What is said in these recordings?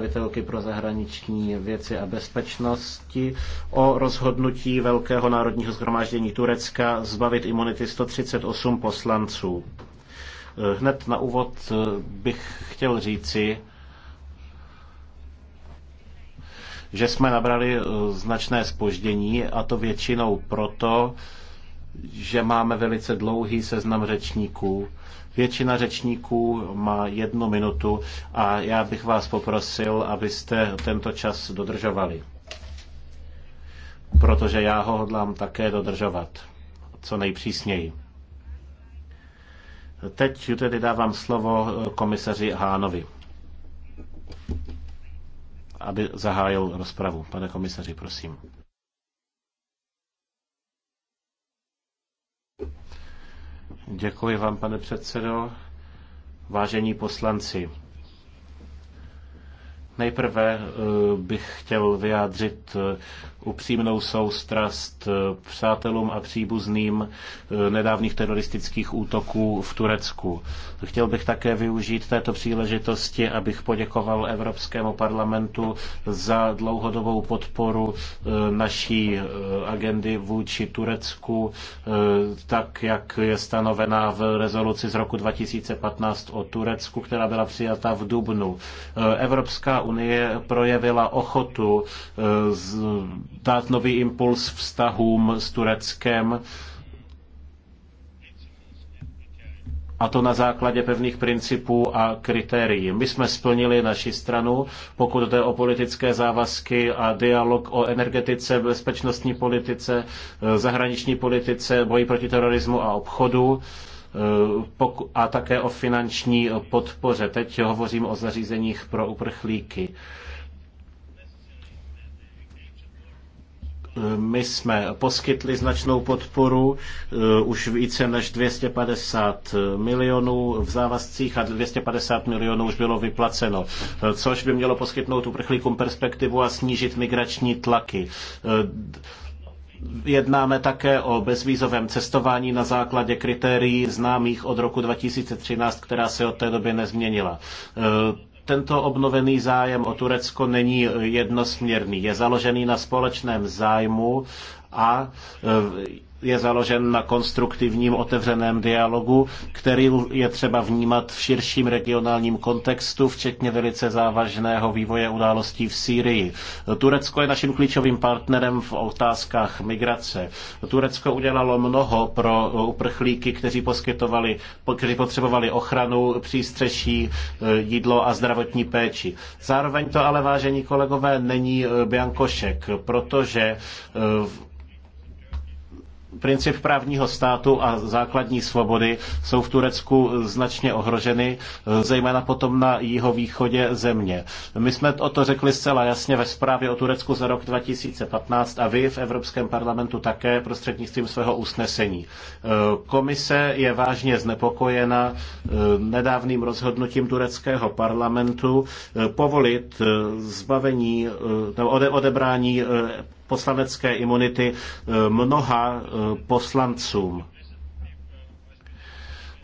představitelky pro zahraniční věci a bezpečnosti o rozhodnutí Velkého národního zhromáždění Turecka zbavit imunity 138 poslanců. Hned na úvod eh, bych chtěl říci, že jsme nabrali eh, značné spoždění a to většinou proto, že máme velice dlouhý seznam řečníků. Většina řečníků má jednu minutu a já bych vás poprosil, abyste tento čas dodržovali. Protože já ho hodlám také dodržovat. Co nejpřísněji. Teď tedy dávám slovo komisaři Hánovi, aby zahájil rozpravu. Pane komisaři, prosím. Děkuji vám, pane předsedo. Vážení poslanci, Nejprve eh, bych chtěl vyjádřit eh, upřímnou soustrast eh, přátelům a příbuzným nedávných teroristických útoků v Turecku. Chtěl bych také využít této příležitosti, abych poděkoval Evropskému parlamentu za dlouhodobou podporu naší agendy vůči Turecku, tak jak je stanovená v rezoluci z roku 2015 o Turecku, která byla přijata v Dubnu. Evropská unie projevila ochotu eh, dát nový impuls vztahům s Tureckem, a to na základě pevných principů a kritérií. My jsme splnili naši stranu, pokud jde o politické závazky a dialog o energetice, bezpečnostní politice, eh, zahraniční politice, boji proti terorismu a obchodu a také o finanční podpoře. Teď hovořím o zařízeních pro uprchlíky. My jsme poskytli značnou podporu, eh, už více než 250 milionů v závazcích a 250 milionů už bylo vyplaceno, eh, což by mělo poskytnout uprchlíkům perspektivu a snížit migrační tlaky. Eh, Jednáme také o bezvízovém cestování na základě kritérií známých od roku 2013, která se od té doby nezměnila e, tento obnovený zájem o Turecko není jednosměrný. Je založený na společném zájmu a e, je založen na konstruktivním otevřeném dialogu, který je třeba vnímat v širším regionálním kontextu, včetně velice závažného vývoje událostí v Sýrii. Turecko je naším klíčovým partnerem v otázkách migrace. Turecko udělalo mnoho pro uprchlíky, kteří poskytovali, kteří potřebovali ochranu, přístřeší, jídlo a zdravotní péči. Zároveň to ale, vážení kolegové, není eh, biankošek, protože eh, princip právního státu a základní svobody jsou v Turecku značně ohroženy, eh, zejména potom na jihovýchodě země. My jsme o to řekli zcela jasně ve zprávě o Turecku za rok 2015 a vy v Evropském parlamentu také prostřednictvím svého usnesení. Eh, komise je vážně znepokojena eh, nedávným rozhodnutím tureckého parlamentu povolit zbavení nebo odebrání poslanecké imunity eh, mnoha eh, poslancům.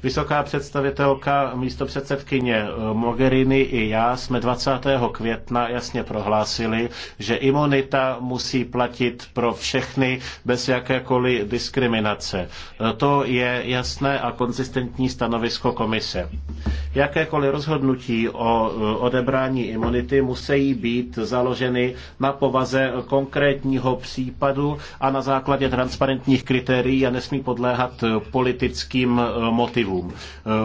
Vysoká představitelka místo předsedkyně eh, Mogherini i já jsme 20. května jasně prohlásili, že imunita musí platit pro všechny bez jakékoliv diskriminace. Eh, to je jasné a konzistentní stanovisko komise. Jakékoliv rozhodnutí o eh, odebrání imunity musí být založeny na povaze konkrétního případu a na základě transparentních kritérií a nesmí podléhat politickým motivům cílům.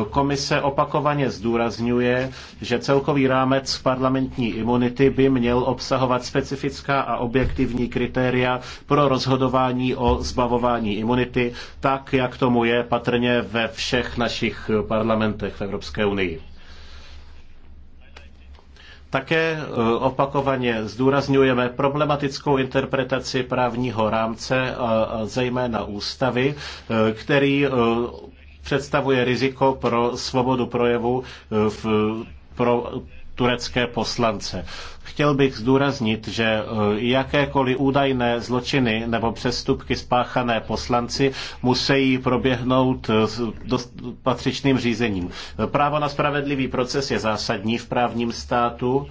Komise opakovaně zdůrazňuje, že celkový rámec parlamentní imunity by měl obsahovat specifická a objektivní kritéria pro rozhodování o zbavování imunity, tak jak tomu je patrně ve všech našich parlamentech v Evropské unii. Také eh, opakovaně zdůrazňujeme problematickou interpretaci právního rámce, eh, zejména ústavy, eh, který představuje riziko pro svobodu projevu eh, v, pro turecké poslance. Chtěl bych zdůraznit, že eh, jakékoliv údajné zločiny nebo přestupky spáchané poslanci musí proběhnout eh, dost patřičným řízením. Právo na spravedlivý proces je zásadní v právním státu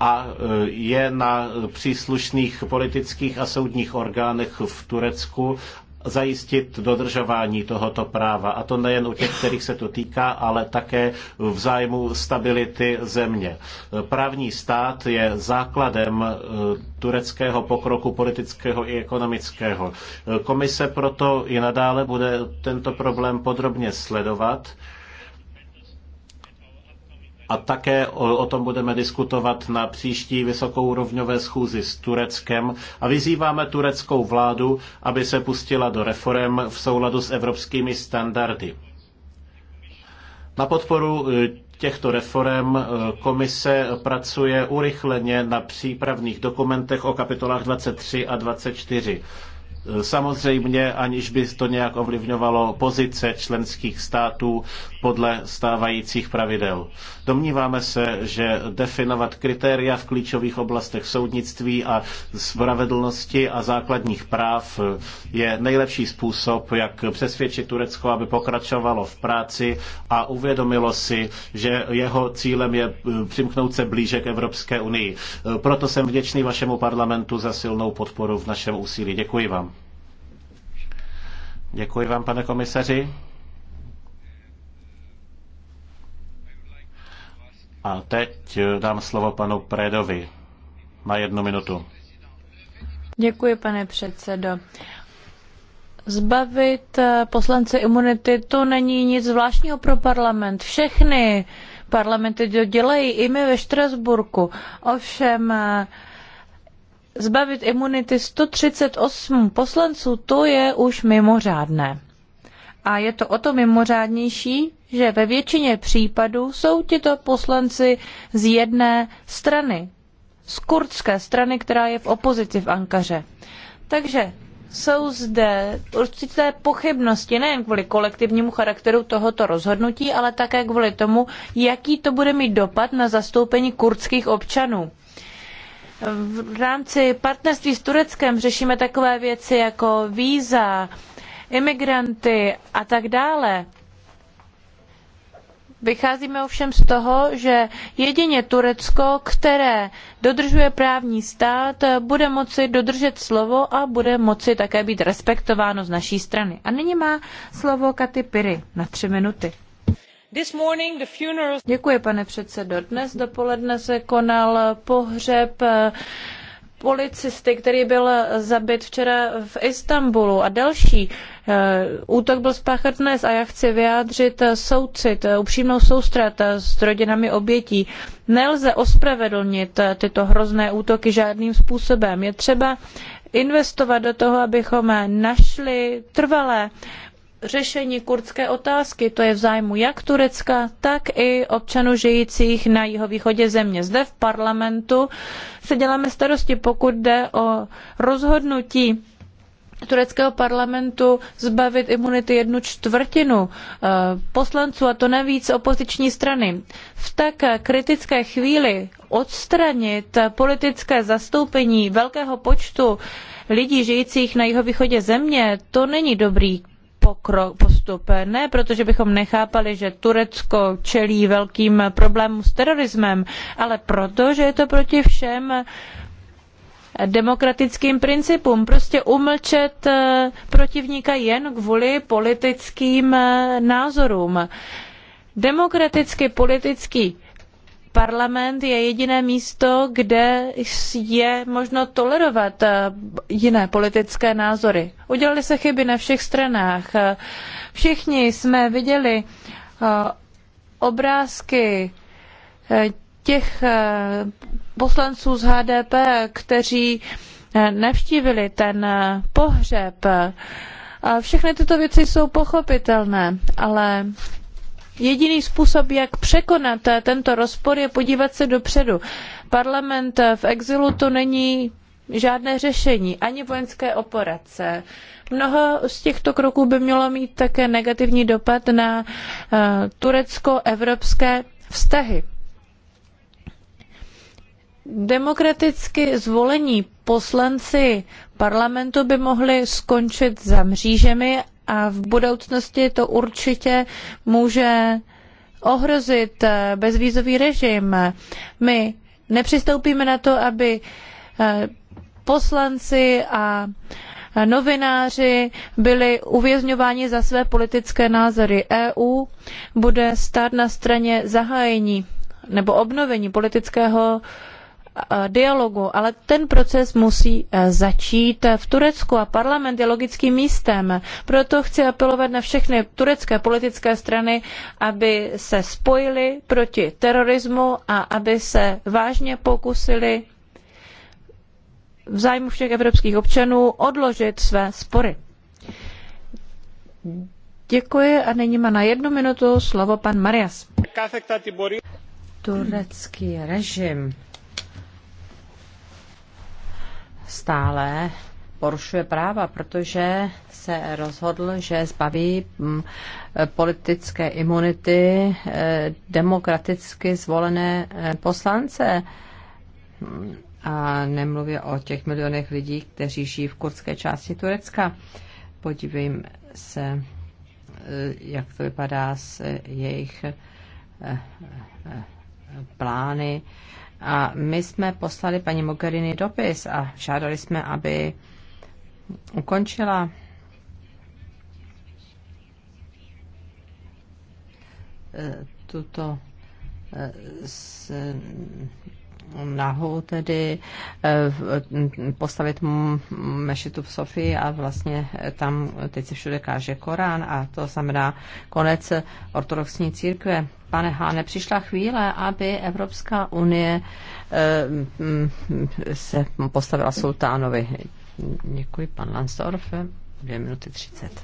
a je na příslušných politických a soudních orgánech v Turecku, zajistit dodržování tohoto práva. A to nejen u těch, kterých se to týká, ale také v zájmu stability země. Právní stát je základem eh, tureckého pokroku politického i ekonomického. Komise proto i nadále bude tento problém podrobně sledovat a také o tom budeme diskutovat na příští vysokourovňové schůzi s Tureckem a vyzýváme tureckou vládu, aby se pustila do reform v souladu s evropskými standardy. Na podporu e, těchto reform e, komise pracuje urychleně na přípravných dokumentech o kapitolách 23 a 24. Samozřejmě, aniž by to nějak ovlivňovalo pozice členských států podle stávajících pravidel. Domníváme se, že definovat kritéria v klíčových oblastech soudnictví a spravedlnosti a základních práv je nejlepší způsob, jak přesvědčit Turecko, aby pokračovalo v práci a uvědomilo si, že jeho cílem je přimknout se blíže k Evropské unii. Proto jsem vděčný vašemu parlamentu za silnou podporu v našem úsilí. Děkuji vám. Děkuji vám, pane komisaři. A teď eh, dám slovo panu Predovi na jednu minutu. Děkuji, pane předsedo. Zbavit eh, poslance imunity, to není nic zvláštního pro parlament. Všechny parlamenty to dělají, i my ve Štrasburku. Ovšem, eh, zbavit imunity 138 poslanců, to je už mimořádné. A je to o to mimořádnější, že ve většině případů jsou tito poslanci z jedné strany, z kurdské strany, která je v opozici v Ankaře. Takže jsou zde určité pochybnosti nejen kvůli kolektivnímu charakteru tohoto rozhodnutí, ale také kvůli tomu, jaký to bude mít dopad na zastoupení kurdských občanů. V rámci partnerství s Tureckem řešíme takové věci jako víza, imigranty a tak dále. Vycházíme ovšem z toho, že jedině Turecko, které dodržuje právní stát, bude moci dodržet slovo a bude moci také být respektováno z naší strany. A nyní má slovo Katy Piry na tři minuty pane předsedo. Dnes dopoledne se konal pohřeb eh, policisty, který byl zabit včera v Istanbulu a další. Eh, útok byl spáchán dnes a já chci vyjádřit eh, soucit, upřímnou soustrast s rodinami obětí. Nelze ospravedlnit tyto hrozné útoky žádným způsobem. Je třeba investovat do toho, abychom našli trvalé řešení kurdské otázky. To je v zájmu jak Turecka, tak i občanů žijících na jihovýchodě země. Zde v parlamentu se děláme starosti, pokud jde o rozhodnutí tureckého parlamentu zbavit imunity jednu čtvrtinu eh, poslanců, a to navíc opoziční strany. V tak kritické chvíli odstranit politické zastoupení velkého počtu lidí žijících na jihovýchodě země, to není dobrý pokrok, postup. Ne, protože bychom nechápali, že Turecko čelí velkým problémům s terorismem, ale proto, že je to proti všem demokratickým principům. Prostě umlčet eh, protivníka jen kvůli politickým eh, názorům. Demokraticky politický parlament je jediné místo, kde je možno tolerovat eh, jiné politické názory. Udělali se chyby na všech stranách. Všichni jsme viděli eh, obrázky eh, těch poslanců z HDP, kteří navštívili ten pohřeb. Všechny tyto věci jsou pochopitelné, ale Jediný způsob, jak překonat eh, tento rozpor, je podívat se dopředu. Parlament eh, v exilu to není žádné řešení, ani vojenské operace. Mnoho z těchto kroků by mělo mít také negativní dopad na eh, turecko-evropské vztahy. Demokraticky zvolení poslanci parlamentu by mohli skončit za mřížemi a v budoucnosti to určitě může ohrozit eh, bezvízový režim. My nepřistoupíme na to, aby eh, poslanci a novináři byli uvězňováni za své politické názory. EU bude stát na straně zahájení nebo obnovení politického Eh, dialogu, ale ten proces musí eh, začít v Turecku a parlament je logickým místem. Proto chci apelovat na všechny turecké politické strany, aby se spojily proti terorismu a aby se vážně pokusili v zájmu všech evropských občanů odložit své spory. Děkuji a nyní má na jednu minutu slovo pan Marias. Turecký režim stále porušuje práva, protože se rozhodl, že zbaví mm, politické imunity eh, demokraticky zvolené eh, poslance. A nemluvě o těch milionech lidí, kteří žijí v kurdské části Turecka. Podívejme se, eh, jak to vypadá s jejich plány a my jsme poslali paní Mogherini dopis a žádali jsme, aby ukončila tuto eh, Nahu tedy eh, eh, postavit mešitu v Sofii a vlastně eh, tam teď se všude káže Korán a to znamená konec ortodoxní církve. Pane Háne, přišla chvíle, aby Evropská unie se postavila sultánovi. Děkuji, pan Lansdorf. Dvě minuty třicet.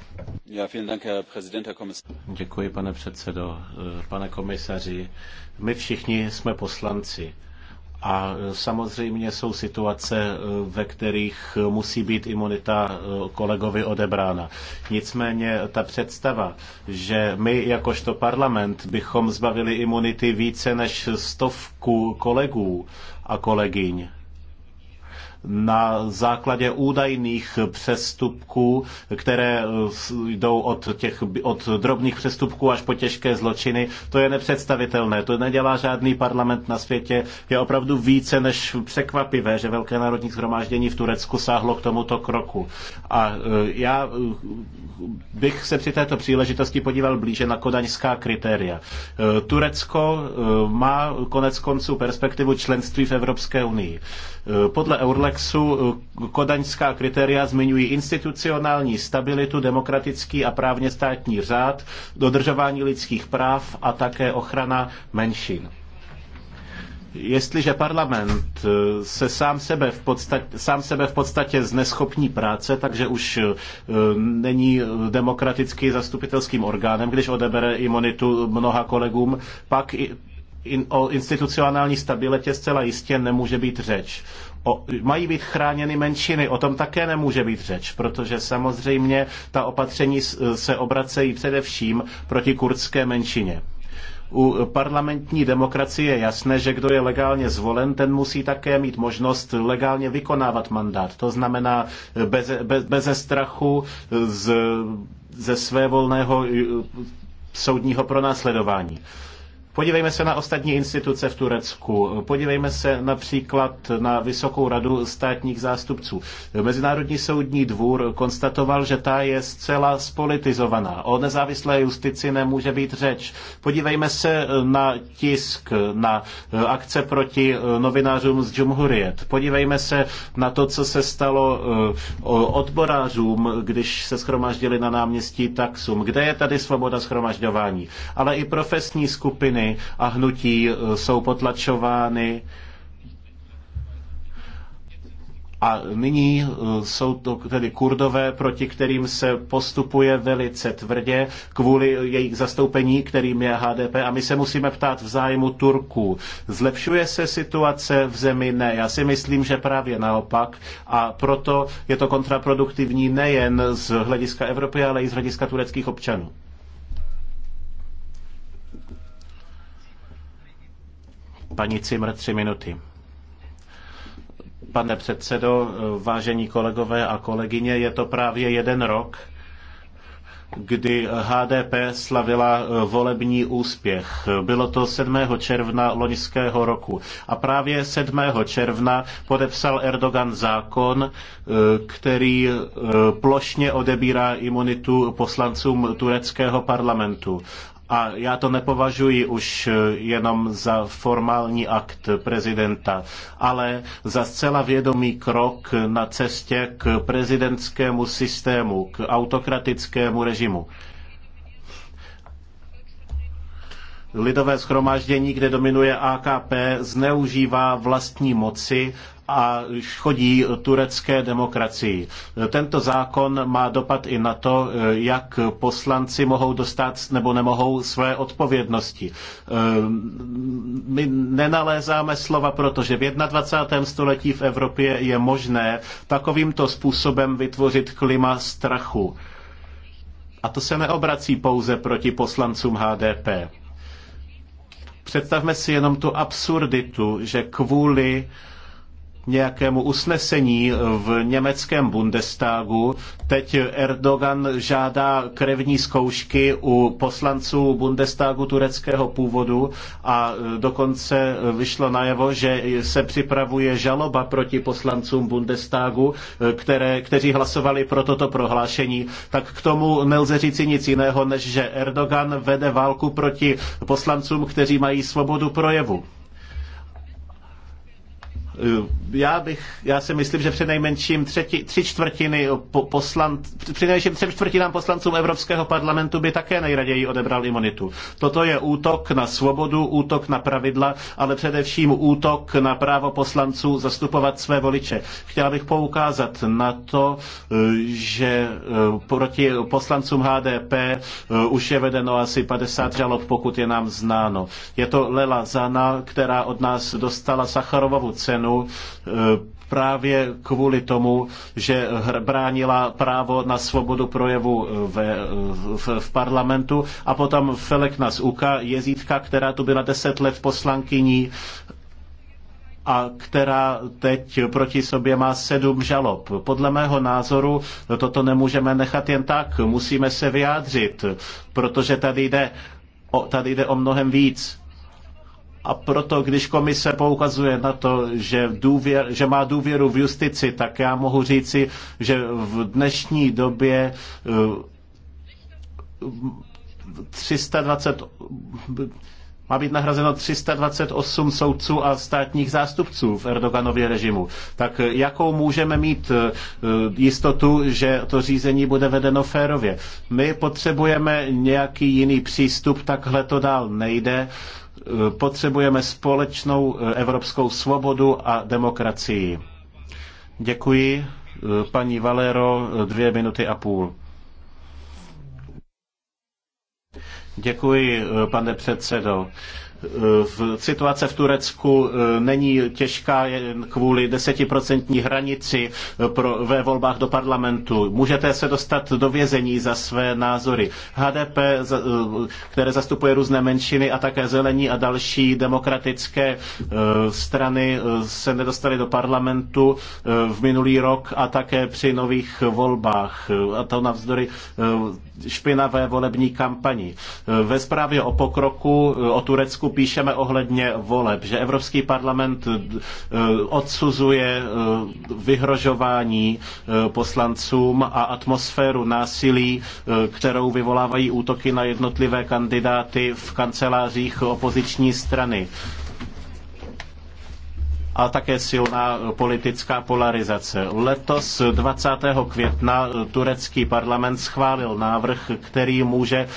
Děkuji, pane předsedo. Pane komisaři, my všichni jsme poslanci a samozřejmě jsou situace, ve kterých musí být imunita eh, kolegovi odebrána. Nicméně ta představa, že my jakožto parlament bychom zbavili imunity více než stovku kolegů a kolegyň, na základě údajných přestupků, které eh, jdou od, těch, od drobných přestupků až po těžké zločiny. To je nepředstavitelné. To nedělá žádný parlament na světě. Je opravdu více než překvapivé, že Velké národní shromáždění v Turecku sáhlo k tomuto kroku. A eh, já eh, bych se při této příležitosti podíval blíže na kodaňská kritéria. Turecko má konec konců perspektivu členství v Evropské unii. Podle Eurle komplexu eh, kodaňská kritéria zmiňují institucionální stabilitu, demokratický a právně státní řád, dodržování lidských práv a také ochrana menšin jestliže parlament eh, se sám sebe v podstatě, sám sebe v podstatě zneschopní práce, takže už eh, není demokraticky zastupitelským orgánem, když odebere imunitu mnoha kolegům, pak o institucionální stabilitě zcela jistě nemůže být řeč o, mají být chráněny menšiny. O tom také nemůže být řeč, protože samozřejmě ta opatření se obracejí především proti kurdské menšině u parlamentní demokracie je jasné, že kdo je legálně zvolen, ten musí také mít možnost legálně vykonávat mandát. To znamená bez, bez, beze strachu z, ze své volného soudního pronásledování. Podívejme se na ostatní instituce v Turecku. Podívejme se například na Vysokou radu státních zástupců. Mezinárodní soudní dvůr konstatoval, že ta je zcela spolitizovaná. O nezávislé justici nemůže být řeč. Podívejme se na tisk, na akce proti novinářům z Džumhuriet. Podívejme se na to, co se stalo eh, odborářům, když se schromaždili na náměstí Taxum. Kde je tady svoboda schromažďování? Ale i profesní skupiny strany a hnutí eh, jsou potlačovány. A nyní eh, jsou to tedy kurdové, proti kterým se postupuje velice tvrdě kvůli jejich zastoupení, kterým je HDP. A my se musíme ptát v zájmu Turků. Zlepšuje se situace v zemi? Ne. Já si myslím, že právě naopak. A proto je to kontraproduktivní nejen z hlediska Evropy, ale i z hlediska tureckých občanů. Paní Cimr, tři minuty. Pane předsedo, vážení kolegové a kolegyně, je to právě jeden rok, kdy HDP slavila volební úspěch. Bylo to 7. června loňského roku. A právě 7. června podepsal Erdogan zákon, který plošně odebírá imunitu poslancům tureckého parlamentu. A já to nepovažuji už eh, jenom za formální akt prezidenta, ale za zcela vědomý krok na cestě k prezidentskému systému, k autokratickému režimu. lidové schromáždění, kde dominuje AKP, zneužívá vlastní moci a škodí turecké demokracii. Tento zákon má dopad i na to, jak poslanci mohou dostat nebo nemohou své odpovědnosti. Ehm, my nenalézáme slova, protože v 21. století v Evropě je možné takovýmto způsobem vytvořit klima strachu. A to se neobrací pouze proti poslancům HDP. Představme si jenom tu absurditu, že kvůli uh, nějakému usnesení v německém Bundestagu. Teď Erdogan žádá krevní zkoušky u poslanců Bundestagu tureckého původu a e, dokonce e, vyšlo najevo, že se připravuje žaloba proti poslancům Bundestagu, e, které, kteří hlasovali pro toto prohlášení. Tak k tomu nelze říci nic jiného, než že Erdogan vede válku proti poslancům, kteří mají svobodu projevu. Já, bych, já si myslím, že nejmenším třetí, tři čtvrtiny po, při nejmenším třem čtvrtinám poslancům Evropského parlamentu by také nejraději odebral imunitu. Toto je útok na svobodu, útok na pravidla, ale především útok na právo poslanců zastupovat své voliče. Chtěla bych poukázat na to, že eh, proti poslancům HDP eh, už je vedeno asi 50 žalob, pokud je nám znáno. Je to Lela Zana, která od nás dostala Sacharovovu cenu OSN eh, právě kvůli tomu, že bránila právo na svobodu projevu eh, ve, eh, v, v parlamentu a potom Felekna z UKA, jezítka, která tu byla deset let poslankyní a která teď proti sobě má sedm žalob. Podle mého názoru toto nemůžeme nechat jen tak, musíme se vyjádřit, protože tady jde o, tady jde o mnohem víc a proto, když komise poukazuje na to, že, důvěr, že má důvěru v justici, tak já mohu říci, že v dnešní době 320 eh, má být nahrazeno 328 soudců a státních zástupců v Erdoganově režimu. Tak jakou můžeme mít eh, jistotu, že to řízení bude vedeno férově? My potřebujeme nějaký jiný přístup, takhle to dál nejde. Potřebujeme společnou eh, evropskou svobodu a demokracii. Děkuji. Eh, paní Valero, eh, dvě minuty a půl. Děkuji, pane předsedo v, situace v Turecku e, není těžká jen kvůli desetiprocentní hranici e, pro, ve volbách do parlamentu. Můžete se dostat do vězení za své názory. HDP, e, které zastupuje různé menšiny a také zelení a další demokratické strany se nedostaly do parlamentu v minulý rok a také při nových volbách. A to navzdory špinavé volební kampani. Ve zprávě o pokroku o Turecku píšeme ohledně voleb, že Evropský parlament eh, odsuzuje eh, vyhrožování eh, poslancům a atmosféru násilí, kterou vyvolávají útoky na jednotlivé kandidáty v kancelářích opoziční strany a také silná politická polarizace. Letos 20. května turecký parlament schválil návrh, který může eh,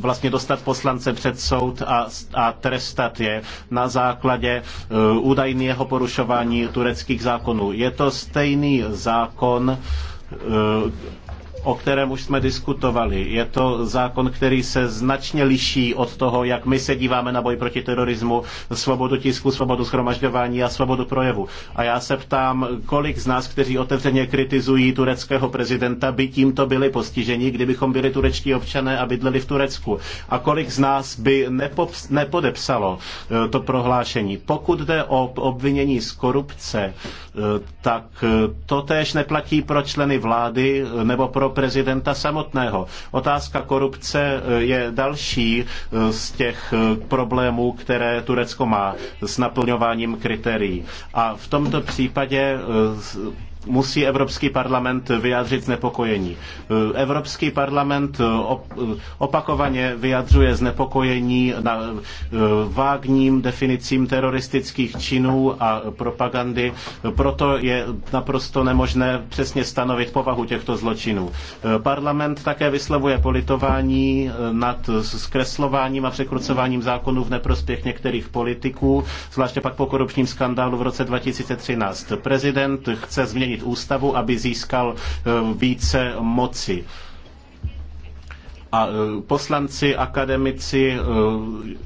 vlastně dostat poslance před soud a, a trestat je na základě eh, údajného porušování tureckých zákonů. Je to stejný zákon, eh, o kterém už jsme diskutovali. Je to zákon, který se značně liší od toho, jak my se díváme na boj proti terorismu, svobodu tisku, svobodu schromažďování a svobodu projevu. A já se ptám, kolik z nás, kteří otevřeně kritizují tureckého prezidenta, by tímto byli postiženi, kdybychom byli turečtí občané a bydleli v Turecku. A kolik z nás by nepops, nepodepsalo eh, to prohlášení. Pokud jde o obvinění z korupce, eh, tak eh, to též neplatí pro členy vlády nebo pro samotného prezidenta samotného. Otázka korupce eh, je další eh, z těch eh, problémů, které Turecko má s naplňováním kritérií. A v tomto případě musí Evropský parlament vyjádřit znepokojení. Evropský parlament eh, eh, opakovaně vyjadřuje znepokojení na eh, vágním definicím teroristických činů a propagandy, proto je naprosto nemožné přesně stanovit povahu těchto zločinů. Parlament také vyslovuje politování nad zkreslováním a překrucováním zákonů v neprospěch některých politiků, zvláště pak po korupčním skandálu v roce 2013. Prezident chce změnit změnit ústavu, aby získal eh, více moci. A eh, poslanci, akademici, eh,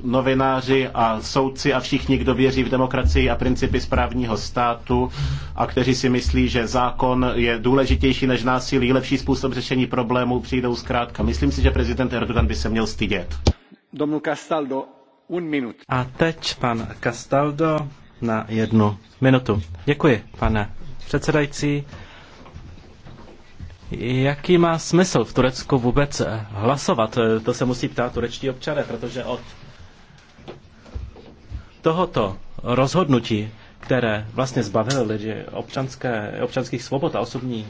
novináři a soudci a všichni, kdo věří v demokracii a principy správního státu a kteří si myslí, že zákon je důležitější než násilí, lepší způsob řešení problémů, přijdou zkrátka. Myslím si, že prezident Erdogan by se měl stydět. Domnul Castaldo, un minut. A teď pan Castaldo na jednu minutu. Děkuji, pane předsedající. Jaký má smysl v Turecku vůbec hlasovat? To se musí ptát turečtí občané, protože od tohoto rozhodnutí, které vlastně zbavilo lidi občanské, občanských svobod a osobní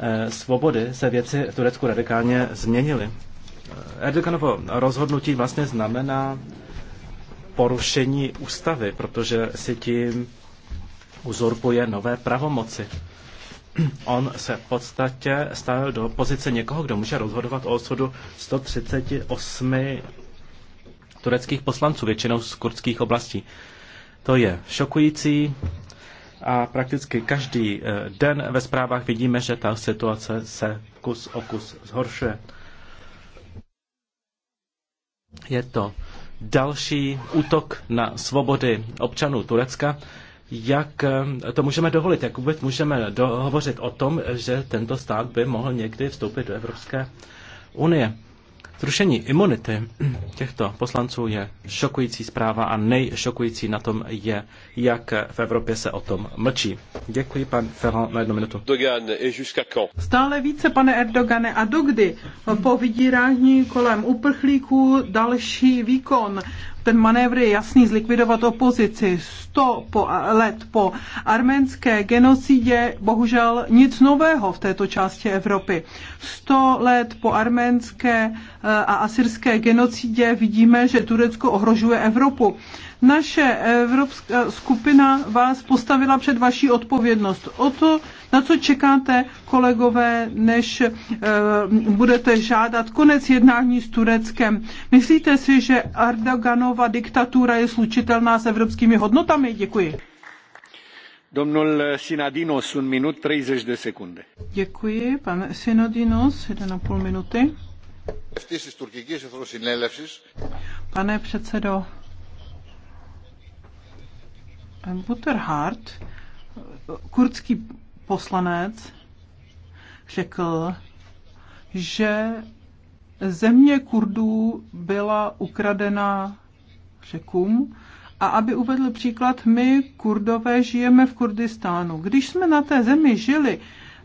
eh, svobody, se věci v Turecku radikálně změnily. Erdoganovo rozhodnutí vlastně znamená porušení ústavy, protože si tím uzurpuje nové pravomoci. On se v podstatě stavil do pozice někoho, kdo může rozhodovat o osudu 138 tureckých poslanců, většinou z kurdských oblastí. To je šokující a prakticky každý eh, den ve zprávách vidíme, že ta situace se kus o kus zhoršuje. Je to další útok na svobody občanů Turecka jak eh, to můžeme dovolit, jak vůbec můžeme dohovořit o tom, že tento stát by mohl někdy vstoupit do Evropské unie. Zrušení imunity těchto poslanců je šokující zpráva a nejšokující na tom je, jak v Evropě se o tom mlčí. Děkuji, pan Ferrand, na jednu minutu. Stále více, pane Erdogane, a dokdy po vydírání kolem uprchlíků další výkon ten manévr je jasný, zlikvidovat opozici. 100 po, let po arménské genocidě bohužel nic nového v této části Evropy. 100 let po arménské eh, a asyrské genocidě vidíme, že Turecko ohrožuje Evropu. Naše evropská skupina vás postavila před vaší odpovědnost. O to, na co čekáte, kolegové, než e, budete žádat konec jednání s Tureckem. Myslíte si, že Erdoganova diktatura je slučitelná s evropskými hodnotami? Děkuji. Domnul Sinadinos, un minut 30 de secunde. Děkuji, pan Sinadinos, půl minuty. Pane předsedo, Hart, kurdský poslanec, řekl, že země Kurdů byla ukradena řekům. A aby uvedl příklad, my Kurdové žijeme v Kurdistánu. Když jsme na té zemi žili,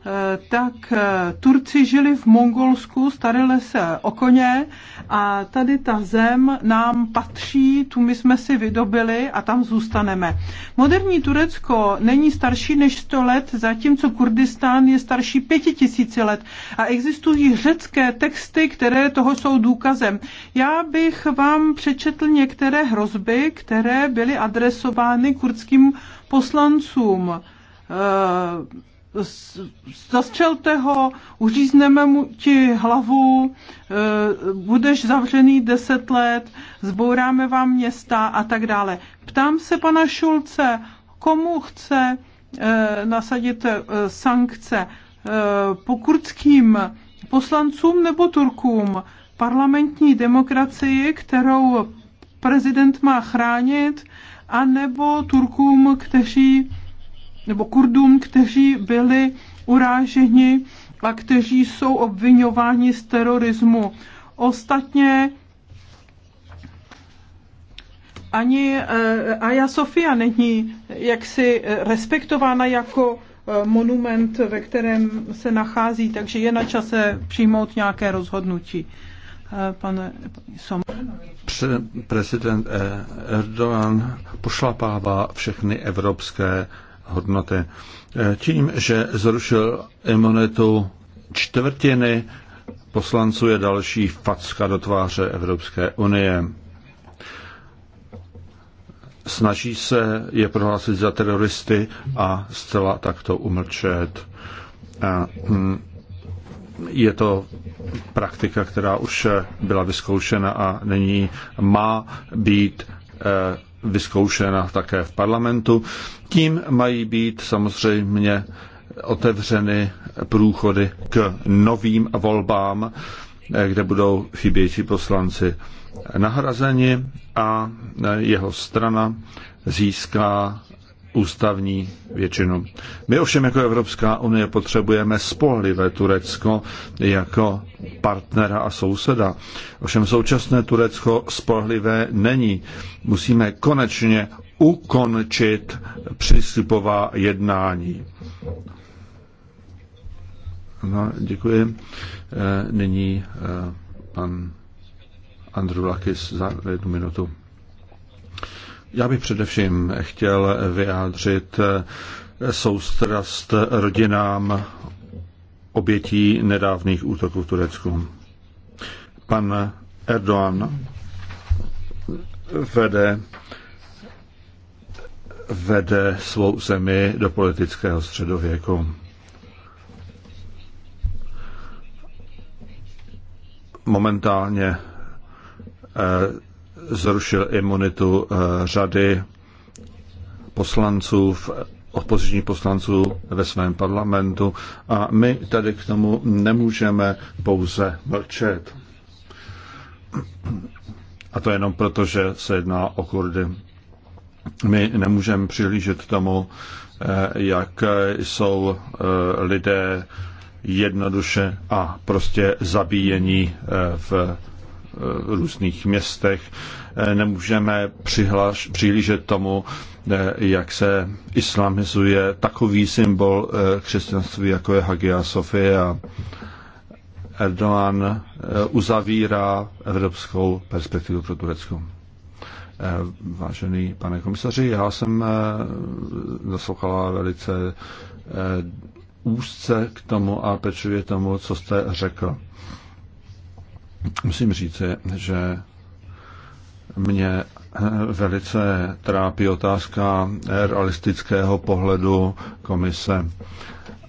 Eh, tak eh, Turci žili v Mongolsku, starili se o koně a tady ta zem nám patří, tu my jsme si vydobili a tam zůstaneme. Moderní Turecko není starší než 100 let, zatímco Kurdistán je starší 5000 let a existují řecké texty, které toho jsou důkazem. Já bych vám přečetl některé hrozby, které byly adresovány kurdským poslancům eh, zastřelte ho, uřízneme mu ti hlavu, e, budeš zavřený deset let, zbouráme vám města a tak dále. Ptám se pana Šulce, komu chce e, nasadit e, sankce? po kurdským poslancům nebo Turkům? Parlamentní demokracii, kterou prezident má chránit, anebo Turkům, kteří nebo Kurdům, kteří byli uráženi a kteří jsou obvinováni z terorismu. Ostatně ani eh, Aja Sofia není jaksi respektována jako eh, monument, ve kterém se nachází, takže je na čase přijmout nějaké rozhodnutí. Eh, Pane Som. Prezident Erdogan pošlapává všechny evropské hodnoty. Tím, že zrušil imunitu čtvrtiny poslanců je další facka do tváře Evropské unie. Snaží se je prohlásit za teroristy a zcela takto umlčet. A hm, je to praktika, která už byla vyzkoušena a nyní má být eh, vyzkoušena také v parlamentu. Tím mají být samozřejmě otevřeny průchody k novým volbám, eh, kde budou chybějící poslanci nahrazeni a eh, jeho strana získá ústavní většinu. My ovšem jako Evropská unie potřebujeme spolehlivé Turecko jako partnera a souseda. Ovšem současné Turecko spolehlivé není. Musíme konečně ukončit přístupová jednání. No, děkuji. Eh, nyní eh, pan Andrew Lakis za jednu minutu. Já bych především chtěl vyjádřit soustrast rodinám obětí nedávných útoků v Turecku. Pan Erdogan vede, vede svou zemi do politického středověku. Momentálně eh, zrušil imunitu eh, řady poslanců v opozičních poslanců ve svém parlamentu a my tady k tomu nemůžeme pouze mlčet. A to jenom proto, že se jedná o Kurdy. My nemůžeme přihlížet tomu, eh, jak jsou eh, lidé jednoduše a prostě zabíjení v Eh, různých městech. Eh, nemůžeme přihlaš, přihlížet tomu, eh, jak se islamizuje takový symbol křesťanství, jako je Hagia Sofia. Erdogan uzavírá evropskou perspektivu pro Turecko. Vážený pane komisaři, já jsem zaslouchala velice úzce k tomu a pečuje tomu, co jste řekl musím říct, že mě eh, velice trápí otázka realistického pohledu komise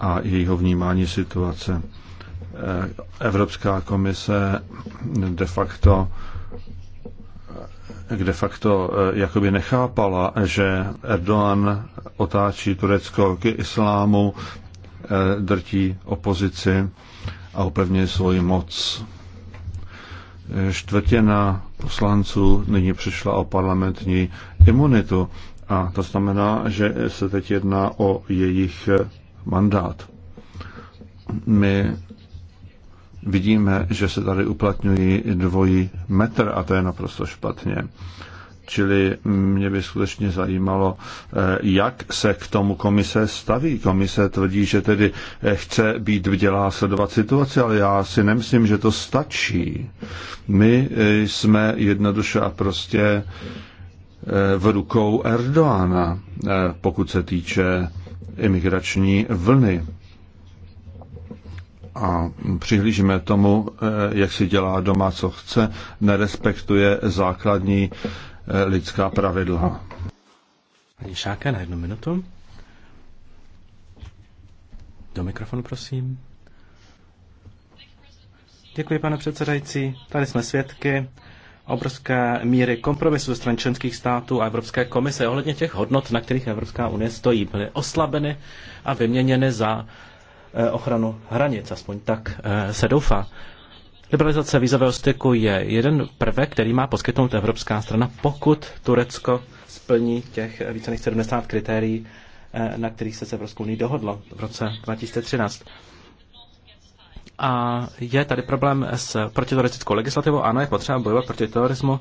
a jejího vnímání situace. Eh, Evropská komise de facto eh, de facto jakoby nechápala, že Erdogan otáčí Turecko k islámu, drtí opozici a upevňuje svoji moc čtvrtina poslanců nyní přišla o parlamentní imunitu. A to znamená, že se teď jedná o jejich mandát. My vidíme, že se tady uplatňují dvojí metr a to je naprosto špatně. Čili mě by skutečně zajímalo, eh, jak se k tomu komise staví. Komise tvrdí, že tedy eh, chce být vdělá sledovat situaci, ale já si nemyslím, že to stačí. My eh, jsme jednoduše a prostě v rukou Erdoána, pokud se týče imigrační vlny. A přihlížíme tomu, jak si dělá doma, co chce, nerespektuje základní lidská pravidla. Pani Šáka na jednu minutu. Do mikrofonu, prosím. Děkuji, pane předsedající. Tady jsme svědky obrovské míry kompromisu ze stran členských států a Evropské komise ohledně těch hodnot, na kterých Evropská unie stojí, byly oslabeny a vyměněny za eh, ochranu hranic, aspoň tak eh, se doufá. Liberalizace vízového styku je jeden prvek, který má poskytnout evropská strana, pokud Turecko splní těch eh, více než 70 kritérií, eh, na kterých se s Evropskou unii dohodlo v roce 2013. A je tady problém s protiteroristickou legislativou. Ano, je potřeba bojovat proti terorismu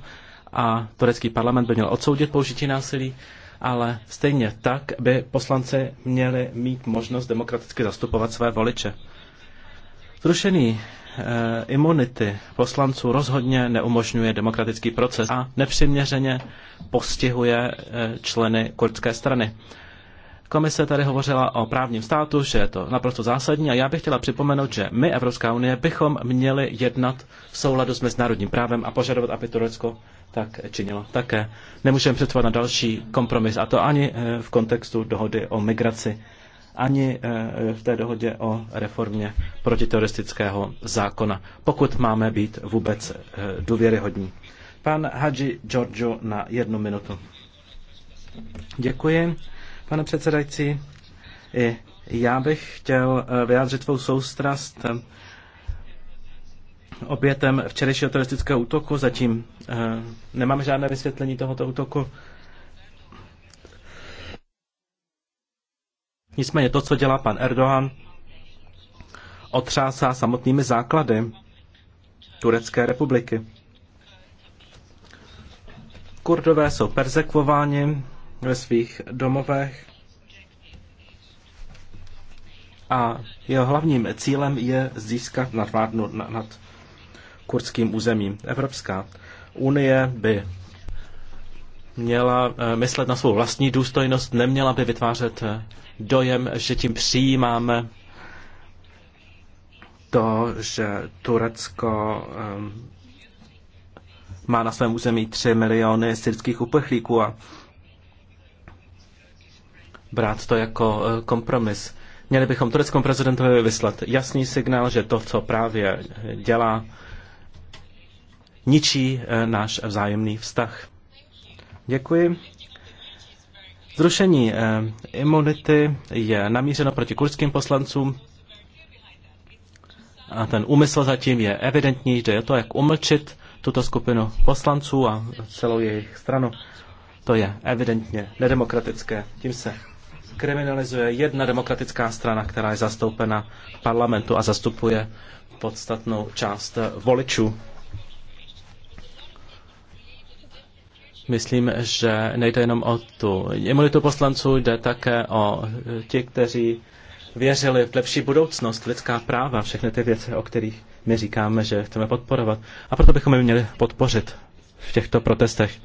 a turecký parlament by měl odsoudit použití násilí, ale stejně tak by poslanci měli mít možnost demokraticky zastupovat své voliče. Zrušený Eh, imunity poslanců rozhodně neumožňuje demokratický proces a nepřiměřeně postihuje eh, členy kurdské strany. Komise tady hovořila o právním státu, že je to naprosto zásadní a já bych chtěla připomenout, že my, Evropská unie, bychom měli jednat v souladu s mezinárodním právem a požadovat, aby Turecko tak činilo také. Nemůžeme přetvořit na další kompromis a to ani eh, v kontextu dohody o migraci ani eh, v té dohodě o reformě protiteroristického zákona, pokud máme být vůbec eh, důvěryhodní. Pan Hadži Giorgio na jednu minutu. Děkuji, pane předsedající. I já bych chtěl eh, vyjádřit svou soustrast obětem včerejšího teroristického útoku. Zatím nemám žádné vysvětlení tohoto útoku. Nicméně to, co dělá pan Erdogan, otřásá samotnými základy Turecké republiky. Kurdové jsou persekvováni ve svých domovech a jeho hlavním cílem je získat nadvládnu nad kurdským územím. Evropská unie by měla eh, myslet na svou vlastní důstojnost, neměla by vytvářet eh, dojem, že tím přijímáme to, že Turecko má na svém území 3 miliony syrských uprchlíků a brát to jako e, kompromis. Měli bychom tureckému prezidentovi vyslat jasný signál, že to, co právě dělá, ničí e, náš vzájemný vztah. Děkuji. Zrušení eh, imunity je namířeno proti kurdským poslancům a ten úmysl zatím je evidentní, že je to, jak umlčit tuto skupinu poslanců a celou jejich stranu. To je evidentně nedemokratické. Tím se kriminalizuje jedna demokratická strana, která je zastoupena v parlamentu a zastupuje podstatnou část voličů. Myslím, že nejde jenom o tu imunitu poslanců, jde také o ti, kteří věřili v lepší budoucnost, lidská práva, všechny ty věci, o kterých my říkáme, že chceme podporovat. A proto bychom je měli podpořit v těchto protestech.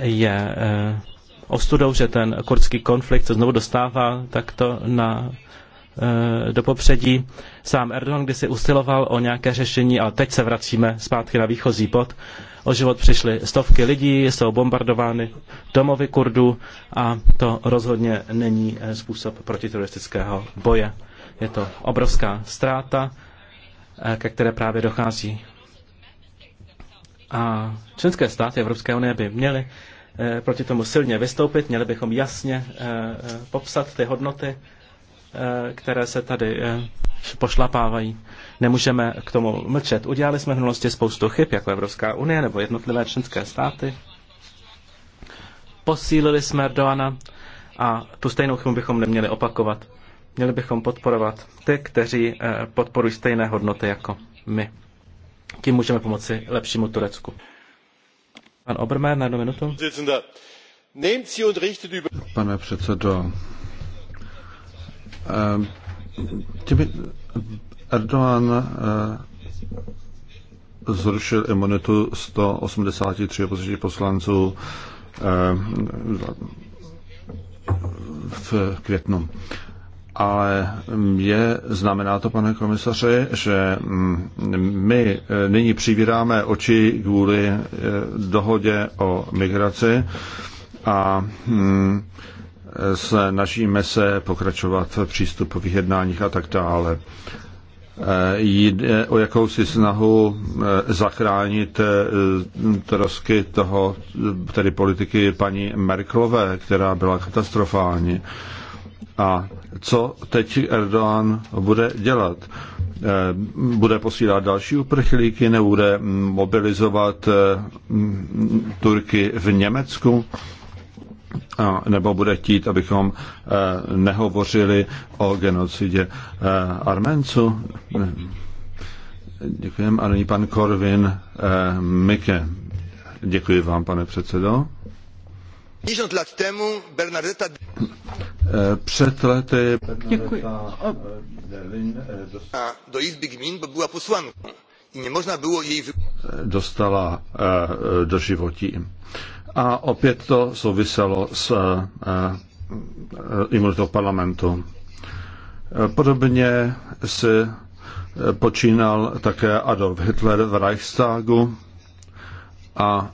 Je eh, ostudou, že ten kurdský konflikt se znovu dostává takto na Eh, do popředí. Sám Erdogan kdysi usiloval o nějaké řešení, ale teď se vracíme zpátky na výchozí pod. O život přišly stovky lidí, jsou bombardovány domovy Kurdů a to rozhodně není eh, způsob protiteroristického boje. Je to obrovská ztráta, eh, ke které právě dochází. A členské státy Evropské unie by měly proti tomu silně vystoupit, měli bychom jasně popsat ty hodnoty, Eh, které se tady eh, pošlapávají. Nemůžeme k tomu mlčet. Udělali jsme v minulosti spoustu chyb, jako Evropská unie nebo jednotlivé členské státy. Posílili jsme Erdoana a tu stejnou chybu bychom neměli opakovat. Měli bychom podporovat ty, kteří eh, podporují stejné hodnoty jako my. Tím můžeme pomoci lepšímu Turecku. Pan Obermeier na jednu minutu. Pane předsedo, Eh, těmi eh, Erdogan eh, zrušil imunitu 183 opozičních poslanců v květnu. Ale je, znamená to, pane komisaři, že mm, my nyní přivíráme oči kvůli dohodě o migraci a mm, snažíme se pokračovat v přístupových jednáních a tak dále. Eh, jde o jakousi snahu eh, zachránit eh, trosky toho, tedy politiky paní Merklové, která byla katastrofální. A co teď Erdogan bude dělat? Bude posílat další uprchlíky, nebude mobilizovat Turky v Německu? a nebo bude chtít, abychom eh, nehovořili o genocidě eh, Arménců. Děkujeme. A nyní pan Korvin eh, Mike. Děkuji vám, pane předsedo. 50 let temu Bernadetta... Před lety Bernadetta do Izby gmin, bo była posłanką i nie można było jej... Dostala do životí. A opět to souviselo s eh, eh, imunitou parlamentu. Podobně si eh, počínal také Adolf Hitler v Reichstagu a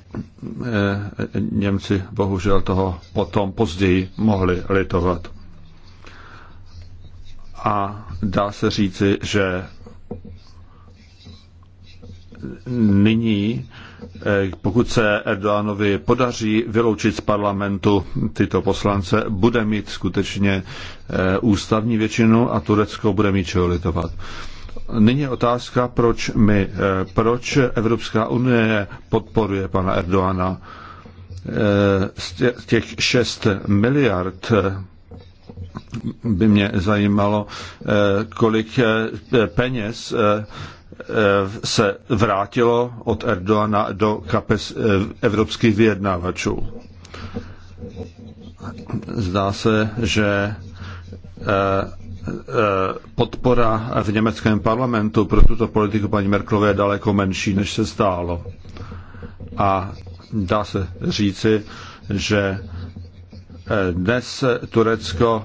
Němci bohužel toho potom později mohli litovat. A dá se říci, že nyní Eh, pokud se Erdoánovi podaří vyloučit z parlamentu tyto poslance, bude mít skutečně eh, ústavní většinu a Turecko bude mít čeho litovat. Nyní je otázka, proč, my, eh, proč Evropská unie podporuje pana Erdoána. Z těch 6 miliard by mě zajímalo, kolik peněz Eh, se vrátilo od Erdoana do kapes eh, evropských vyjednávačů. Zdá se, že eh, podpora v německém parlamentu pro tuto politiku paní Merklové je daleko menší, než se stálo. A dá se říci, že dnes Turecko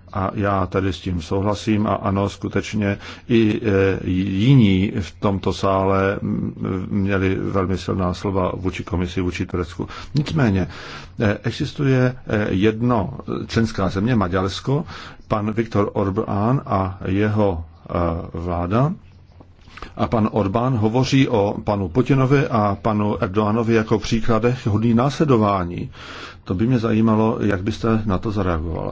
a já tady s tím souhlasím a ano, skutečně i e, jiní v tomto sále měli velmi silná slova vůči komisi, vůči Turecku. Nicméně e, existuje e, jedno členská země, Maďarsko, pan Viktor Orbán a jeho vláda, a pan Orbán hovoří o panu Putinovi a panu Erdoánovi jako příkladech hodný následování. To by mě zajímalo, jak byste na to zareagovala.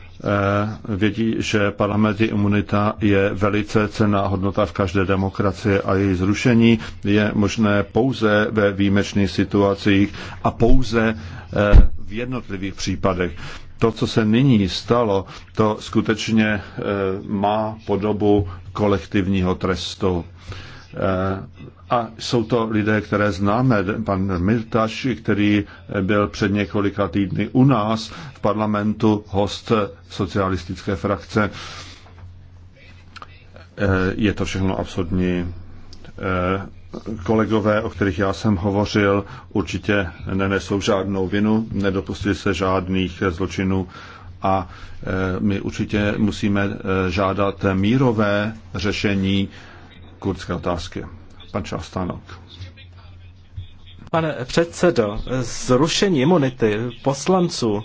Eh, vědí, že parlamentní imunita je velice cená hodnota v každé demokracii a její zrušení je možné pouze ve výjimečných situacích a pouze eh, v jednotlivých případech. To, co se nyní stalo, to skutečně eh, má podobu kolektivního trestu. Eh, a jsou to lidé, které známe. Pan Miltaš, který byl před několika týdny u nás v parlamentu host socialistické frakce. Eh, je to všechno absurdní. Eh, kolegové, o kterých já jsem hovořil, určitě nenesou žádnou vinu, nedopustili se žádných zločinů a my určitě musíme žádat mírové řešení kurdské otázky. Pan Častánok. Pane předsedo, zrušení imunity poslanců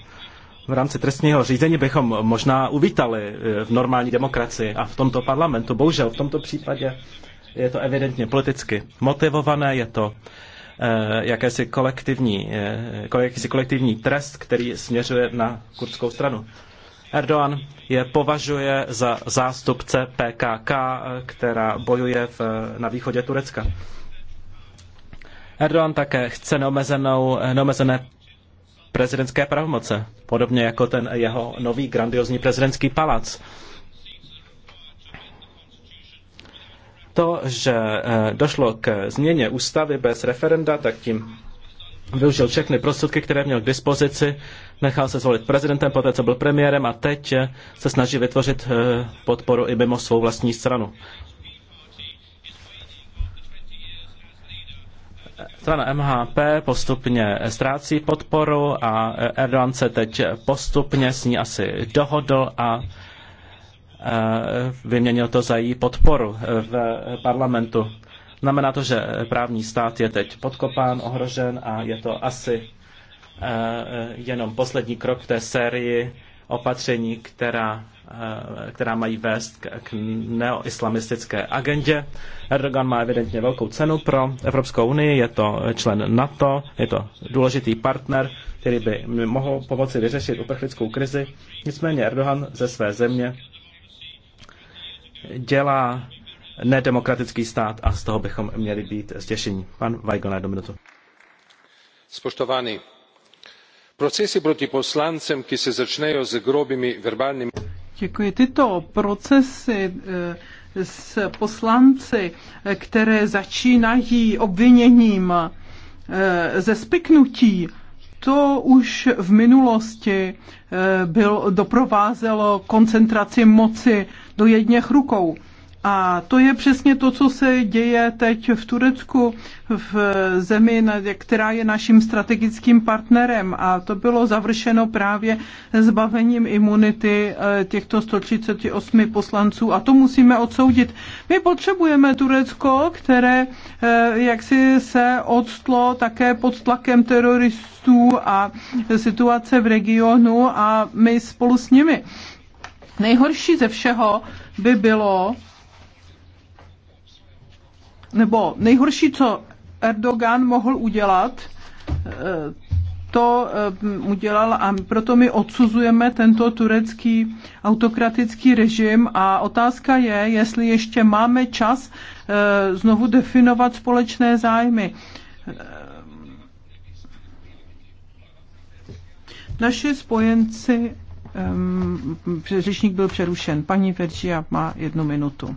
v rámci trestního řízení bychom možná uvítali eh, v normální demokracii a v tomto parlamentu. Bohužel v tomto případě je to evidentně politicky motivované, je to eh, jakési kolektivní, eh, jakési kolektivní trest, který směřuje na kurdskou stranu. Erdogan je považuje za zástupce PKK, která bojuje v, na východě Turecka. Erdogan také chce neomezenou, neomezené prezidentské pravomoce, podobně jako ten jeho nový grandiozní prezidentský palác. To, že eh, došlo k změně ústavy bez referenda, tak tím využil všechny prostředky, které měl k dispozici nechal se zvolit prezidentem, poté co byl premiérem a teď se snaží vytvořit eh, podporu i mimo svou vlastní stranu. Strana MHP postupně ztrácí podporu a Erdogan se teď postupně s ní asi dohodl a eh, vyměnil to za její podporu eh, v parlamentu. Znamená to, že právní stát je teď podkopán, ohrožen a je to asi E, jenom poslední krok v té sérii opatření, která, e, která mají vést k neoislamistické agendě. Erdogan má evidentně velkou cenu pro Evropskou unii, je to člen NATO, je to důležitý partner, který by mohl pomoci vyřešit uprchlickou krizi. Nicméně Erdogan ze své země dělá nedemokratický stát a z toho bychom měli být zděšení. Pan Weigl na jednu minutu. Spoštovaný Procesy proti poslancem, ki se začnejo s grobými verbálními, Děkuji. Tyto procesy eh, s poslanci, eh, které začínají obviněním eh, ze spiknutí, to už v minulosti byl, doprovázelo koncentraci moci do jedněch rukou. A to je přesně to, co se děje teď v Turecku, v zemi, která je naším strategickým partnerem. A to bylo završeno právě zbavením imunity eh, těchto 138 poslanců. A to musíme odsoudit. My potřebujeme Turecko, které eh, jaksi se odstlo také pod tlakem teroristů a situace v regionu a my spolu s nimi. Nejhorší ze všeho by bylo, nebo nejhorší, co Erdogan mohl udělat, eh, to eh, udělal a proto my odsuzujeme tento turecký autokratický režim a otázka je, jestli ještě máme čas eh, znovu definovat společné zájmy. Naši spojenci, řečník byl přerušen. Paní Veržia má jednu minutu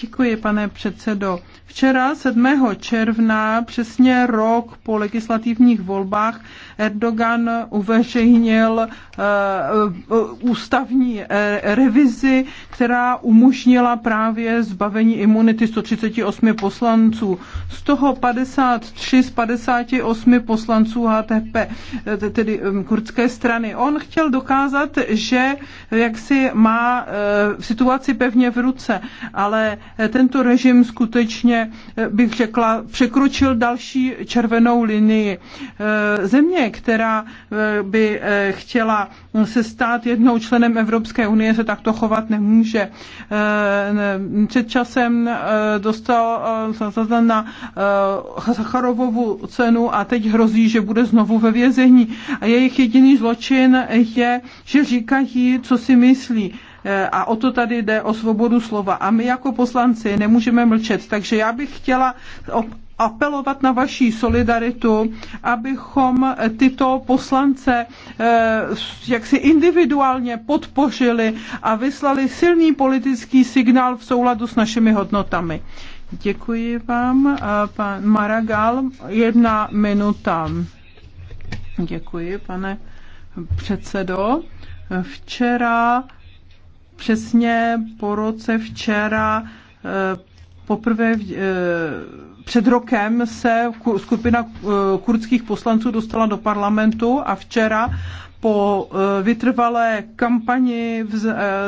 Děkuji, pane předsedo. Včera 7. června, přesně rok po legislativních volbách, Erdogan uveřejnil eh, eh, ústavní eh, revizi, která umožnila právě zbavení imunity 138 poslanců. Z toho 53 z 58 poslanců HTP, tedy kurdské strany. On chtěl dokázat, že jak si má situaci pevně v ruce, ale Eh, tento režim skutečně, eh, bych řekla, překročil další červenou linii. Eh, země, která by chtěla se stát jednou členem Evropské unie, se takto chovat nemůže. Před časem dostal na Sacharovovu cenu a teď hrozí, že bude znovu ve vězení. A jejich jediný zločin je, že říkají, co si myslí a o to tady jde, o svobodu slova. A my jako poslanci nemůžeme mlčet. Takže já bych chtěla apelovat na vaší solidaritu, abychom tyto poslance eh, jaksi individuálně podpořili a vyslali silný politický signál v souladu s našimi hodnotami. Děkuji vám. Pan Maragal, jedna minuta. Děkuji, pane předsedo. Včera přesně po roce včera eh, poprvé eh, před rokem se skupina eh, kurdských poslanců dostala do parlamentu a včera po vytrvalé kampani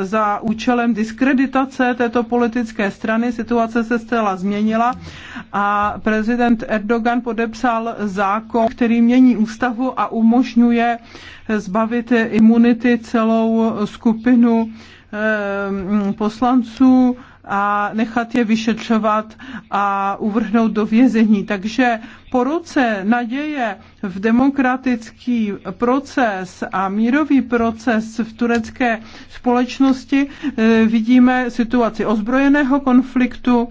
za účelem diskreditace této politické strany situace se zcela změnila a prezident Erdogan podepsal zákon, který mění ústavu a umožňuje zbavit imunity celou skupinu Eh, poslanců a nechat je vyšetřovat a uvrhnout do vězení. Takže po roce naděje v demokratický proces a mírový proces v turecké společnosti eh, vidíme situaci ozbrojeného konfliktu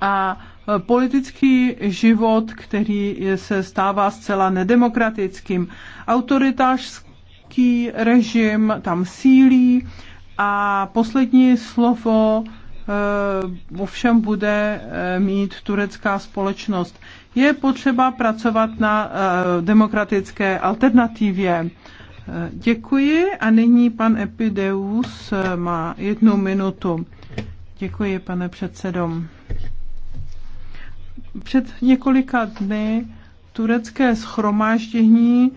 a politický život, který se stává zcela nedemokratickým. Autoritářské ruský režim tam sílí a poslední slovo eh, ovšem bude eh, mít turecká společnost. Je potřeba pracovat na eh, demokratické alternativě. Děkuji a nyní pan Epideus má jednu minutu. Děkuji, pane předsedo. Před několika dny turecké schromáždění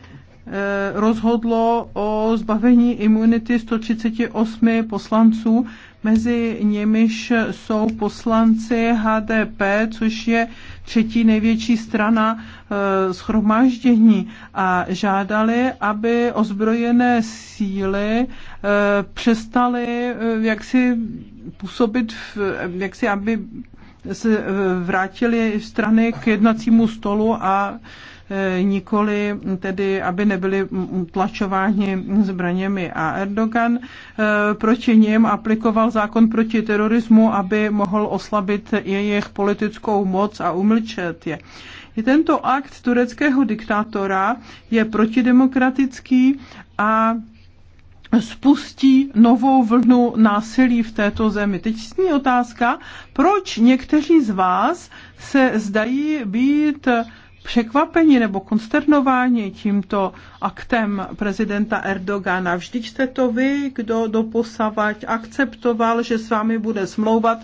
Eh, rozhodlo o zbavení imunity 138 poslanců, mezi nimiž jsou poslanci HDP, což je třetí největší strana eh, schromáždění a žádali, aby ozbrojené síly eh, přestaly jaksi působit, jaksi aby se vrátili strany k jednacímu stolu a Eh, nikoli tedy, aby nebyli tlačováni zbraněmi. A Erdogan eh, proti ním aplikoval zákon proti terorismu, aby mohl oslabit jejich politickou moc a umlčet je. I tento akt tureckého diktátora je protidemokratický a spustí novou vlnu násilí v této zemi. Teď sní otázka, proč někteří z vás se zdají být překvapeni nebo konsternováni tímto aktem prezidenta Erdogana. Vždyť jste to vy, kdo doposavať akceptoval, že s vámi bude smlouvat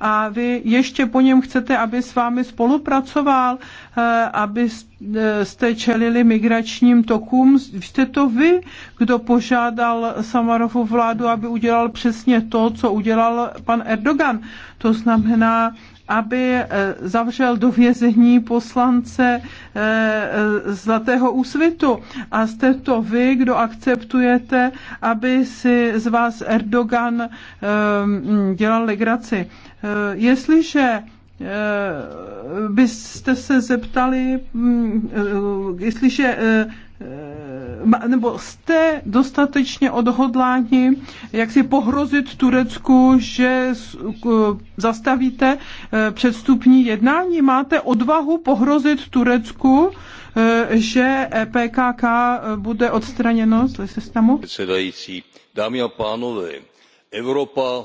a vy ještě po něm chcete, aby s vámi spolupracoval, eh, aby eh, jste čelili migračním tokům. Jste to vy, kdo požádal Samarovu vládu, aby udělal přesně to, co udělal pan Erdogan. To znamená aby eh, zavřel do vězení poslance eh, eh, Zlatého úsvitu. A jste to vy, kdo akceptujete, aby si z vás Erdogan dělal legraci. Jestliže Eh, byste se zeptali, mm, eh, jestliže eh, nebo jste dostatečně odhodláni, jak si pohrozit Turecku, že zastavíte předstupní jednání? Máte odvahu pohrozit Turecku, že e PKK bude odstraněno z seznamu? Předsedající, dámy a pánové, Evropa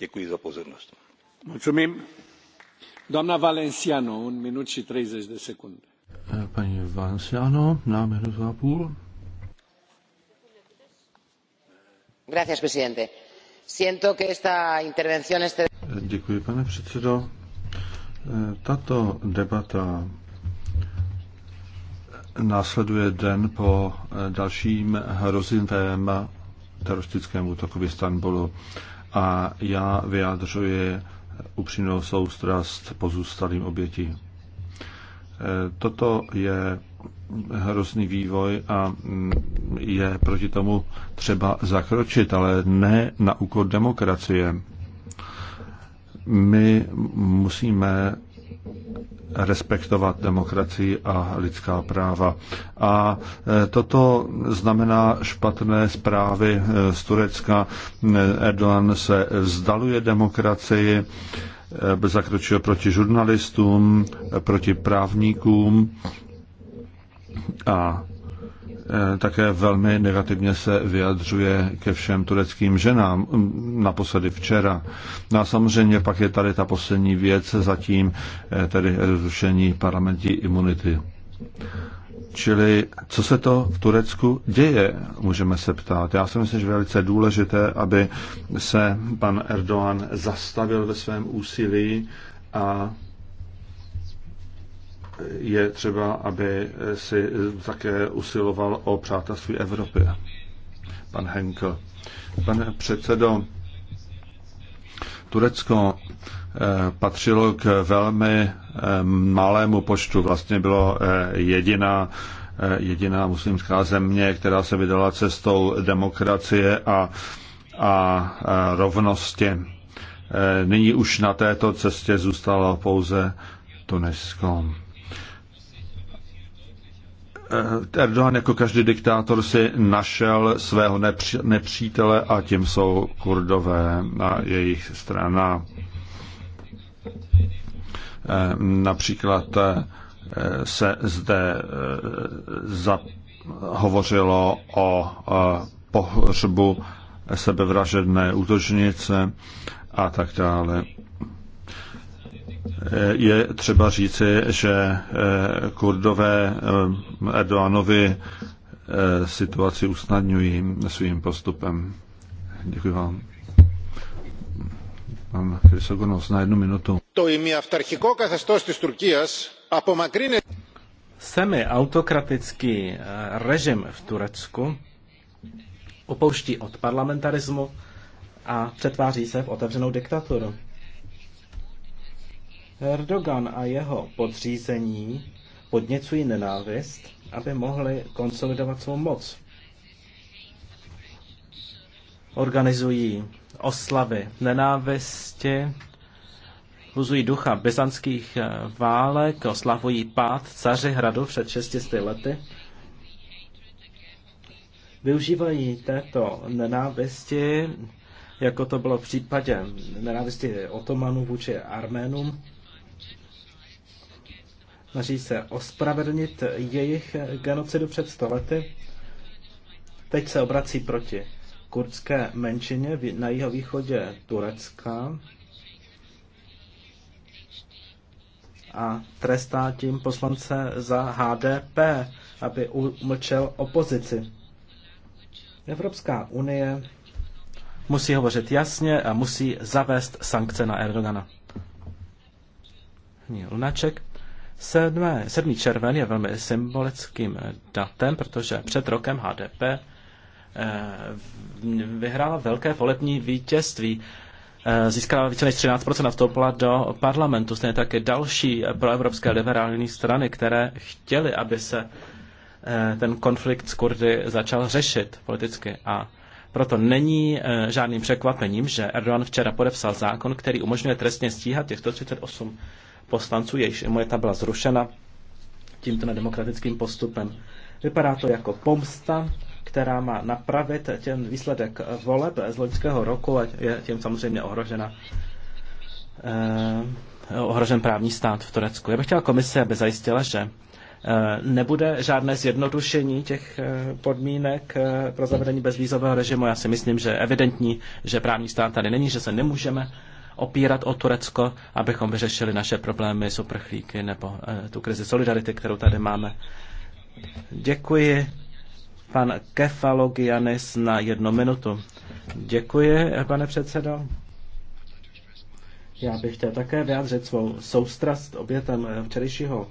Děkuji za pozornost. Eh, a eh, pane předsedo. Eh, tato debata následuje den po dalším hrozivém teroristickém útoku v Istanbulu a já vyjádřuji upřímnou soustrast pozůstalým oběti. E, toto je hrozný vývoj a mm, je proti tomu třeba zakročit, ale ne na úkor demokracie. My musíme respektovat demokracii a lidská práva. A e, toto znamená špatné zprávy e, z Turecka. E, Erdogan se vzdaluje demokracii, zakročil proti žurnalistům, proti právníkům a Eh, také velmi negativně se vyjadřuje ke všem tureckým ženám, mm, naposledy včera. No a samozřejmě pak je tady ta poslední věc zatím, eh, tedy rozrušení parlamentní imunity. Čili co se to v Turecku děje, můžeme se ptát. Já si myslím, že je velice důležité, aby se pan Erdogan zastavil ve svém úsilí a je třeba, aby si také usiloval o přátelství Evropy. Pan Henkel. Pane předsedo, Turecko eh, patřilo k velmi eh, malému počtu. Vlastně bylo eh, jediná, jediná muslimská země, která se vydala cestou demokracie a, a rovnosti. Nyní už na této cestě zůstalo pouze Tunisko. Eh, Erdogan jako každý diktátor si našel svého nepřítele a tím jsou kurdové a jejich strana. Eh, například eh, se zde za, hovořilo o pohřbu sebevražedné útočnice a tak dále. Eh, je třeba říci, že eh, kurdové eh, Erdoanovi situaci usnadňují svým postupem. Děkuji vám. Pan Chrysogonos na jednu minutu. To imi autarchiko katastost z Turkijas apomakrine... Semi autokratický režim v Turecku opouští od parlamentarismu a přetváří se v otevřenou diktaturu. Erdogan a jeho podřízení podněcují nenávist, aby mohli konsolidovat svou moc. Organizují oslavy nenávisti, uzují ducha byzantských eh, válek, oslavují pád caři hradu před 600 lety. Využívají této nenávisti, jako to bylo v případě nenávisti otomanů vůči Arménům, snaží se ospravedlnit jejich genocidu před stolety. Teď se obrací proti kurdské menšině na jeho východě Turecka a trestá tím poslance za HDP, aby umlčel opozici. Evropská unie musí hovořit jasně a musí zavést sankce na Erdogana. Lunaček. 7. 7. červen je velmi symbolickým datem, protože před rokem HDP eh, vyhrála velké volební vítězství. Eh, získala více než 13% a vstoupila do parlamentu. Stejně také další proevropské liberální strany, které chtěly, aby se eh, ten konflikt s Kurdy začal řešit politicky. A proto není žádným překvapením, že Erdogan včera podepsal zákon, který umožňuje trestně stíhat těchto 38 poslanců, jejichž imunita byla zrušena tímto nedemokratickým postupem. Vypadá to jako pomsta, která má napravit ten výsledek voleb z loňského roku a je tím samozřejmě ohrožena eh, ohrožen právní stát v Turecku. Já bych chtěla komise, aby zajistila, že eh, nebude žádné zjednodušení těch eh, podmínek eh, pro zavedení bezvízového režimu. Já si myslím, že je evidentní, že právní stát tady není, že se nemůžeme opírat o Turecko, abychom vyřešili naše problémy s uprchlíky nebo eh, tu krizi solidarity, kterou tady máme. Děkuji. Pan Kefalogianis na jednu minutu. Děkuji, eh, pane předsedo. Já bych chtěl také vyjádřit svou soustrast obětem eh, včerejšího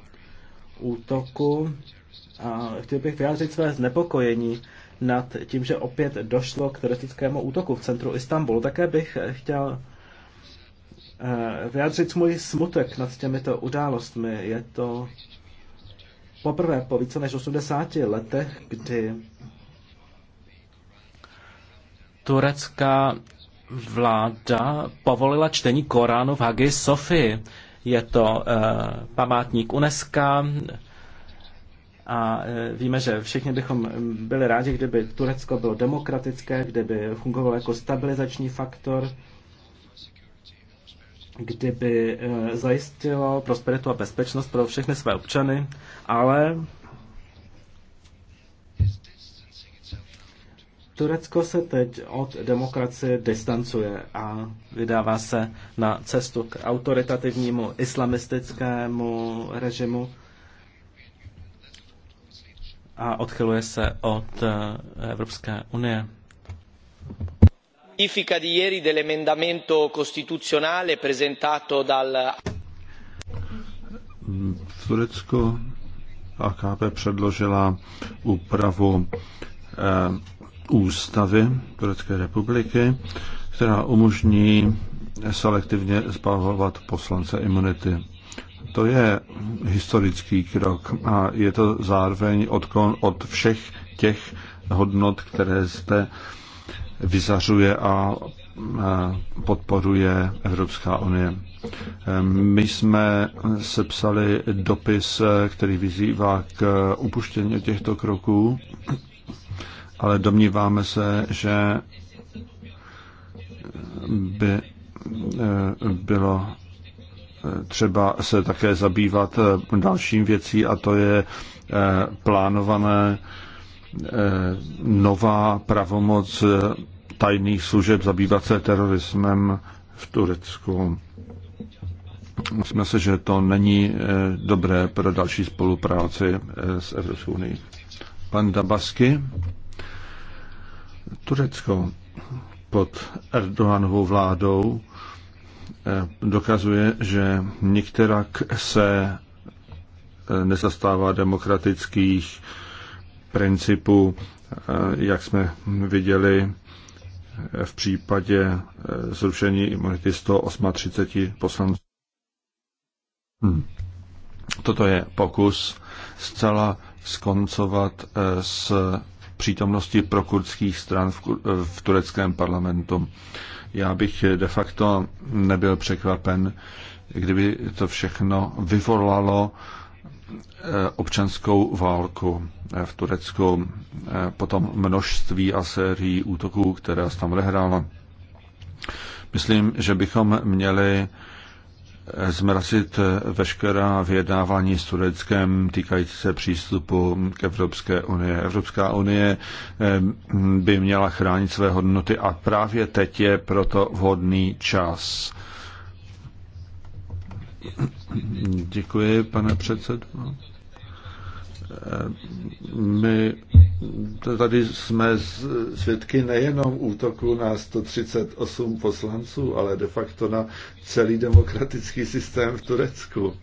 útoku a chtěl bych vyjádřit své znepokojení nad tím, že opět došlo k teroristickému útoku v centru Istanbulu. Také bych chtěl Eh, vyjádřit můj smutek nad těmito událostmi. Je to poprvé po více než 80 letech, kdy turecká vláda povolila čtení Koránu v Hagi Sofii. Je to uh, památník UNESCO a eh, víme, že všichni bychom byli rádi, kdyby Turecko bylo demokratické, kdyby fungovalo jako stabilizační faktor, kdyby eh, zajistilo prosperitu a bezpečnost pro všechny své občany, ale Turecko se teď od demokracie distancuje a vydává se na cestu k autoritativnímu islamistickému režimu a odchyluje se od eh, Evropské unie ratifica di ieri dell'emendamento costituzionale presentato dal. Turecko AKP předložila úpravu eh, ústavy Turecké republiky, která umožní selektivně zbavovat poslance imunity. To je historický krok a je to zároveň odklon od všech těch hodnot, které jste vyzařuje a podporuje Evropská unie. My jsme sepsali dopis, který vyzývá k upuštění těchto kroků, ale domníváme se, že by e, bylo e, třeba se také zabývat dalším věcí a to je e, plánované Eh, nová pravomoc eh, tajných služeb zabývat se terorismem v Turecku. Myslím si, že to není eh, dobré pro další spolupráci s Evropskou unii. Pan Dabasky, Turecko pod Erdoganovou vládou dokazuje, že některak se nezastává demokratických principu, eh, jak jsme viděli eh, v případě eh, zrušení imunity 138 poslanců. Hmm. Toto je pokus zcela skoncovat s přítomností prokurdských stran v, v tureckém parlamentu. Já bych de facto nebyl překvapen, kdyby to všechno vyvolalo Eh, občanskou válku eh, v Turecku, eh, potom množství a sérií útoků, která se tam odehrála. Myslím, že bychom měli zmrazit veškerá vyjednávání s Tureckem týkající se přístupu k Evropské unie. Evropská unie by měla chránit své hodnoty a právě teď je proto vhodný čas Děkuji, pane předsedo. My tady jsme svědky nejenom útoku na 138 poslanců, ale de facto na celý demokratický systém v Turecku.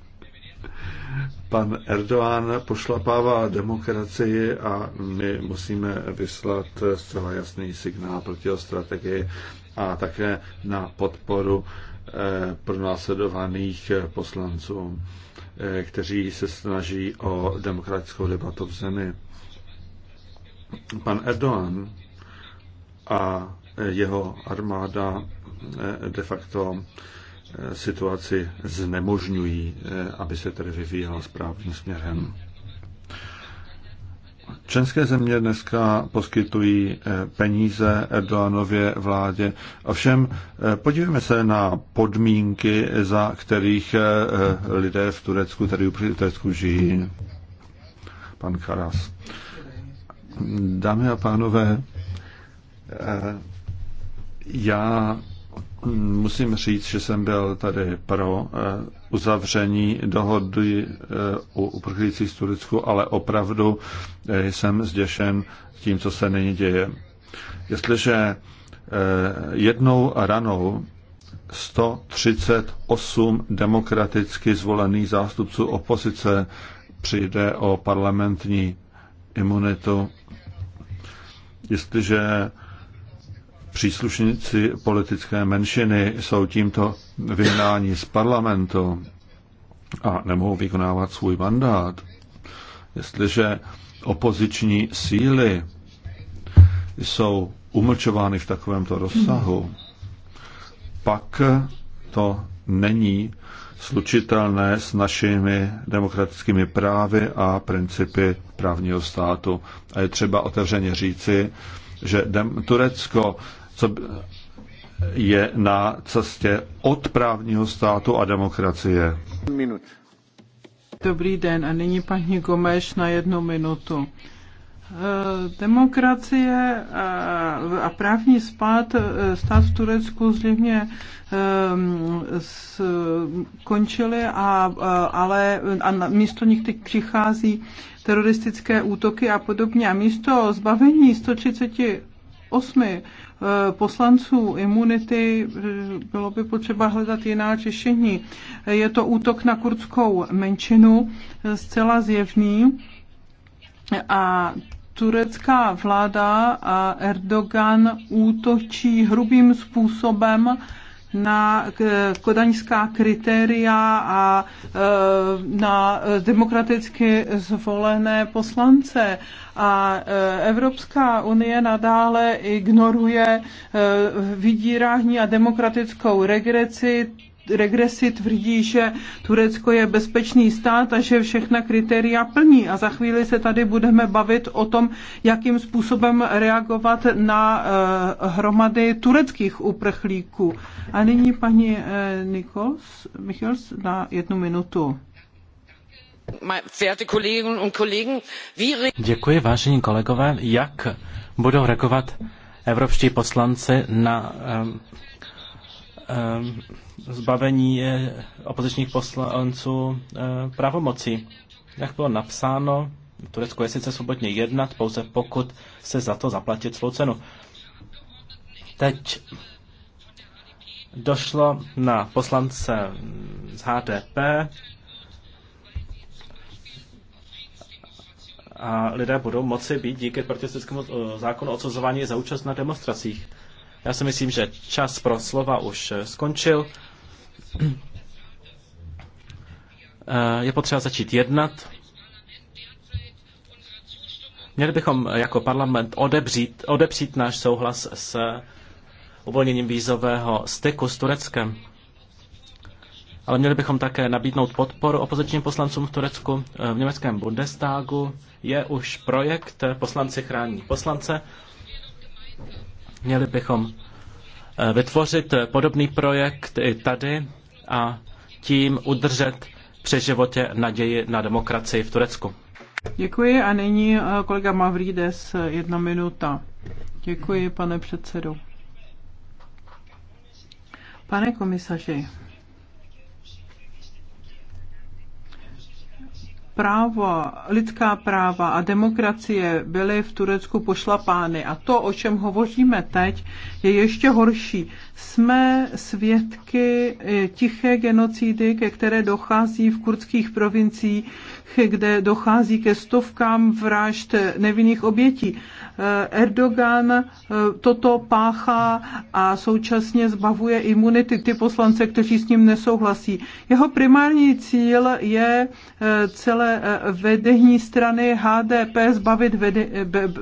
Pan Erdoğan pošlapává demokracii a my musíme vyslat zcela jasný signál proti strategii a také na podporu eh, pronásledovaných eh, poslanců, eh, kteří se snaží o demokratickou debatu v zemi. Pan Erdogan a jeho armáda de facto situaci znemožňují, aby se tedy vyvíjela správným směrem. Členské země dneska poskytují eh, peníze Erdoganově vládě. Ovšem, eh, podívejme se na podmínky, za kterých eh, lidé v Turecku, tedy v Turecku žijí. Pan Karas. Dámy a pánové, já musím říct, že jsem byl tady pro eh, uzavření dohody o eh, uprchlících z Turecku, ale opravdu eh, jsem zděšen tím, co se nyní děje. Jestliže jednou ranou 138 demokraticky zvolených zástupců opozice přijde o parlamentní imunitu, jestliže příslušníci politické menšiny jsou tímto vyhnáni z parlamentu a nemohou vykonávat svůj mandát, jestliže opoziční síly jsou umlčovány v takovémto rozsahu, pak to není slučitelné s našimi demokratickými právy a principy právního státu. A je třeba otevřeně říci, že Turecko co je na cestě od právního státu a demokracie. Minut. Dobrý den a nyní paní Gomeš na jednu minutu. E, demokracie a právní spát, e, stát v Turecku zřejmě e, skončily, a, ale a místo nich teď přichází teroristické útoky a podobně. A místo zbavení 138 Eh, poslanců imunity, eh, bylo by potřeba hledat jiná řešení. Je to útok na kurdskou menšinu, eh, zcela zjevný. A turecká vláda a Erdogan útočí hrubým způsobem na kodaňská kritéria a e, na demokraticky zvolené poslance. A e, Evropská unie nadále ignoruje e, vydírání a demokratickou regresi regresi tvrdí, že Turecko je bezpečný stát a že všechna kritéria plní. A za chvíli se tady budeme bavit o tom, jakým způsobem reagovat na eh, hromady tureckých uprchlíků. A nyní paní eh, Nikols, Michels na jednu minutu. Děkuji, vážení kolegové. Jak budou reagovat evropští poslanci na um, um, zbavení eh, opozičních poslanců eh, pravomocí. Jak bylo napsáno, Turecko je sice svobodně jednat, pouze pokud se za to zaplatit svou cenu. Teď došlo na poslance z HDP a lidé budou moci být díky protestickému eh, zákonu odsuzování za účast na demonstracích. Já si myslím, že čas pro slova už skončil. Eh, je potřeba začít jednat. Měli bychom jako parlament odebřít, odepřít náš souhlas s uvolněním vízového styku s Tureckem. Ale měli bychom také nabídnout podporu opozičním poslancům v Turecku. Eh, v německém Bundestagu je už projekt eh, Poslanci chrání poslance. Měli bychom vytvořit podobný projekt i tady a tím udržet při životě naději na demokracii v Turecku. Děkuji a nyní eh, kolega Mavrides, eh, jedna minuta. Děkuji, pane předsedu. Pane komisaři, právo, lidská práva a demokracie byly v Turecku pošlapány. A to, o čem hovoříme teď, je ještě horší. Jsme svědky eh, tiché genocidy, ke které dochází v kurdských provinciích kde dochází ke stovkám vražd nevinných obětí. Eh, Erdogan eh, toto páchá a současně zbavuje imunity ty poslance, kteří s ním nesouhlasí. Jeho primární cíl je eh, celé vedení strany HDP zbavit, vede,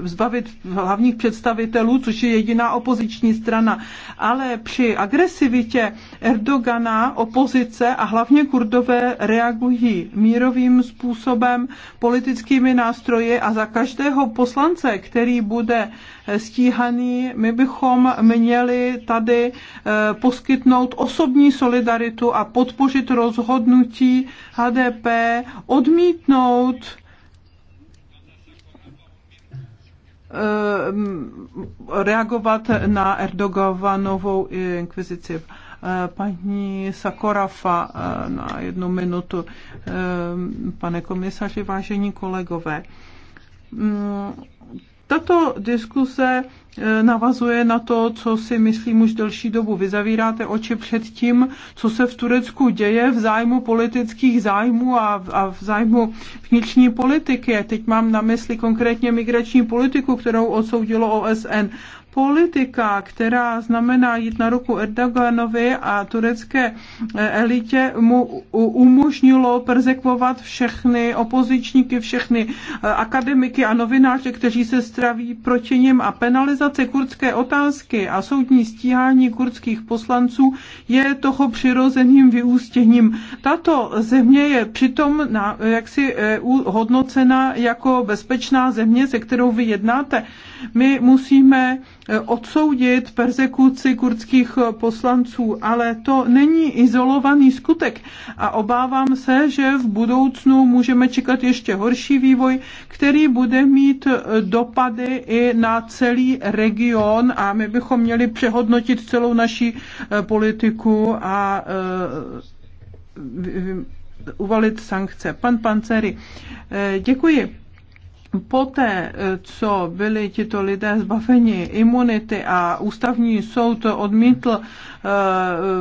zbavit hlavních představitelů, což je jediná opoziční strana. Ale při agresivitě Erdogana opozice a hlavně kurdové reagují mírovým způsobem způsobem politickými nástroji a za každého poslance, který bude stíhaný, my bychom měli tady eh, poskytnout osobní solidaritu a podpořit rozhodnutí HDP odmítnout eh, reagovat na Erdoganovou inkvizici paní Sakorafa eh, na jednu minutu. Eh, pane komisaři, vážení kolegové, mm, tato diskuse eh, navazuje na to, co si myslím už delší dobu. Vy zavíráte oči před tím, co se v Turecku děje v zájmu politických zájmů a, v, a v zájmu vnitřní politiky. Teď mám na mysli konkrétně migrační politiku, kterou odsoudilo OSN politika, která znamená jít na ruku Erdoganovi a turecké eh, elitě, mu umožnilo persekvovat všechny opozičníky, všechny eh, akademiky a novináře, kteří se straví proti něm a penalizace kurdské otázky a soudní stíhání kurdských poslanců je toho přirozeným vyústěním. Tato země je přitom na, eh, jaksi hodnocena jako bezpečná země, se kterou vy jednáte. My musíme eh, odsoudit persekuci kurdských eh, poslanců, ale to není izolovaný skutek a obávám se, že v budoucnu můžeme čekat ještě horší vývoj, který bude mít eh, dopady i na celý region a my bychom měli přehodnotit celou naši politiku a uvalit sankce. Pan Panceri, děkuji poté, co byli tito lidé zbaveni imunity a ústavní soud odmítl eh,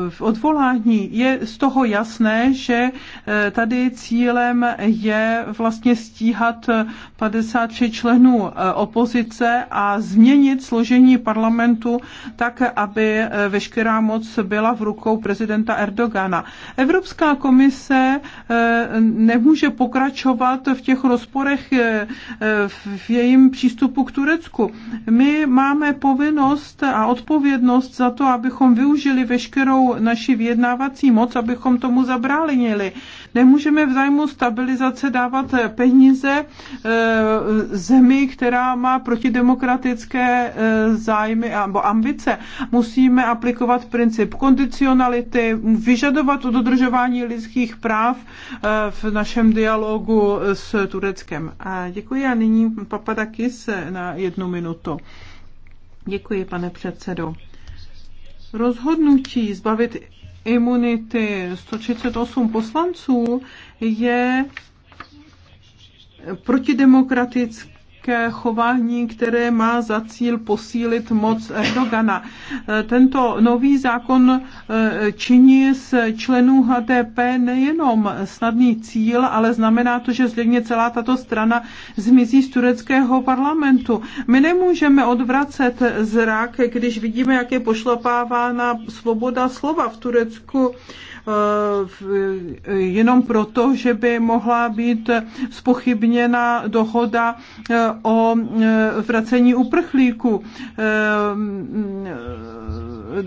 v odvolání, je z toho jasné, že eh, tady cílem je vlastně stíhat 53 členů eh, opozice a změnit složení parlamentu tak, aby veškerá moc byla v rukou prezidenta Erdogana. Evropská komise nemůže pokračovat v těch rozporech v jejím přístupu k Turecku. My máme povinnost a odpovědnost za to, abychom využili veškerou naši vyjednávací moc, abychom tomu zabránili. Nemůžeme v zájmu stabilizace dávat peníze eh, zemi, která má protidemokratické eh, zájmy nebo ambice. Musíme aplikovat princip kondicionality, vyžadovat dodržování lidských práv eh, v našem dialogu s Tureckem. Děkuji a nyní Papadakis na jednu minutu. Děkuji, pane předsedo. Rozhodnutí zbavit imunity 138 poslanců je protidemokratické k chování, které má za cíl posílit moc Erdogana. Eh, tento nový zákon eh, činí z členů HDP nejenom snadný cíl, ale znamená to, že zřejmě celá tato strana zmizí z tureckého parlamentu. My nemůžeme odvracet zrak, když vidíme, jak je pošlapávána svoboda slova v Turecku. Eh, jenom proto, že by mohla být spochybněna dohoda eh, o eh, vracení uprchlíků.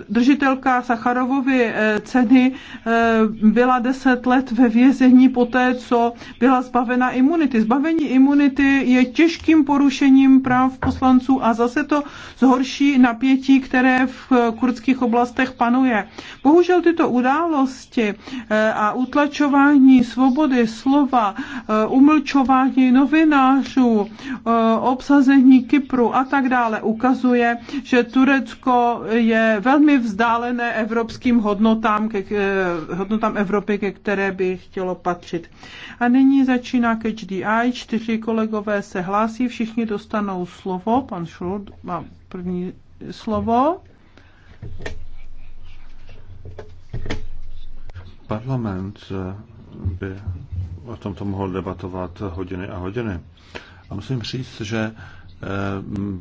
Držitelka Sacharovovy ceny byla deset let ve vězení poté, co byla zbavena imunity. Zbavení imunity je těžkým porušením práv poslanců a zase to zhorší napětí, které v kurdských oblastech panuje. Bohužel tyto události cestě eh, a utlačování svobody slova, eh, umlčování novinářů, eh, obsazení Kypru a tak dále ukazuje, že Turecko je velmi vzdálené evropským hodnotám, ke, hodnotám Evropy, ke které by chtělo patřit. A nyní začíná Catch the Eye. Čtyři kolegové se hlásí, všichni dostanou slovo. Pan Šul má první slovo. Parlament eh, by o tomto mohl debatovat hodiny a hodiny. A musím říct, že eh,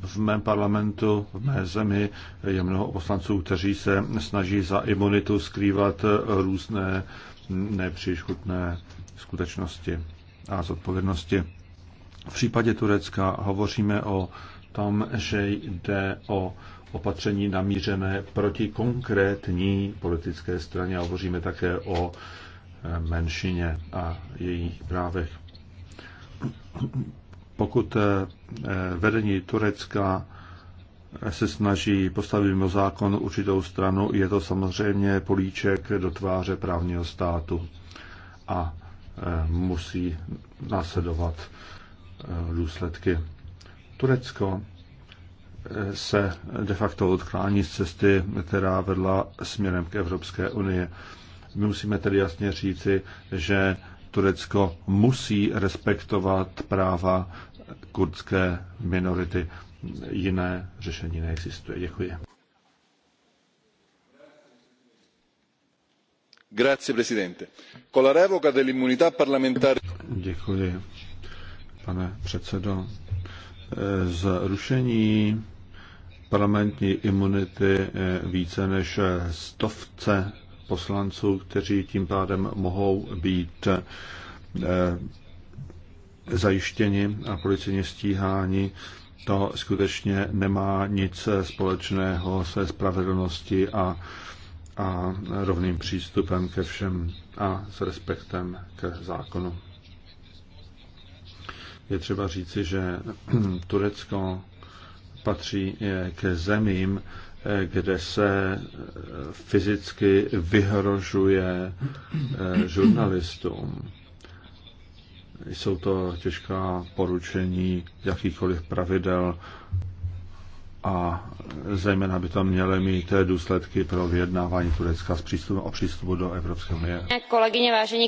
v mém parlamentu, v mé zemi je mnoho poslanců, kteří se snaží za imunitu skrývat eh, různé nepříliš chutné skutečnosti a zodpovědnosti. V případě Turecka hovoříme o tom, že jde o opatření namířené proti konkrétní politické straně a hovoříme také o eh, menšině a jejich právech. Pokud eh, eh, vedení Turecka se snaží postavit mimo zákon určitou stranu, je to samozřejmě políček do tváře právního státu a musí následovat důsledky. Turecko se de facto odklání z cesty, která vedla směrem k Evropské unii. My musíme tedy jasně říci, že Turecko musí respektovat práva kurdské minority. Jiné řešení neexistuje. Děkuji. Grazie Presidente. Con la revoca dell'immunità parlamentare... Děkuji, pane předsedo. E, zrušení parlamentní imunity eh, více než eh, stovce poslanců, kteří tím pádem mohou být eh, zajištěni a policejně stíháni. To skutečně nemá nic společného se spravedlností a, a rovným přístupem ke všem a s respektem k zákonu. Je třeba říci, že Turecko patří eh, k zemím, eh, kde se eh, fyzicky vyhrožuje žurnalistům. Jsou to těžká poručení jakýchkoliv pravidel a zejména by to měly mít důsledky pro vyjednávání Turecka s přístupem, o přístupu do Evropské unie. Kolegyně, vážení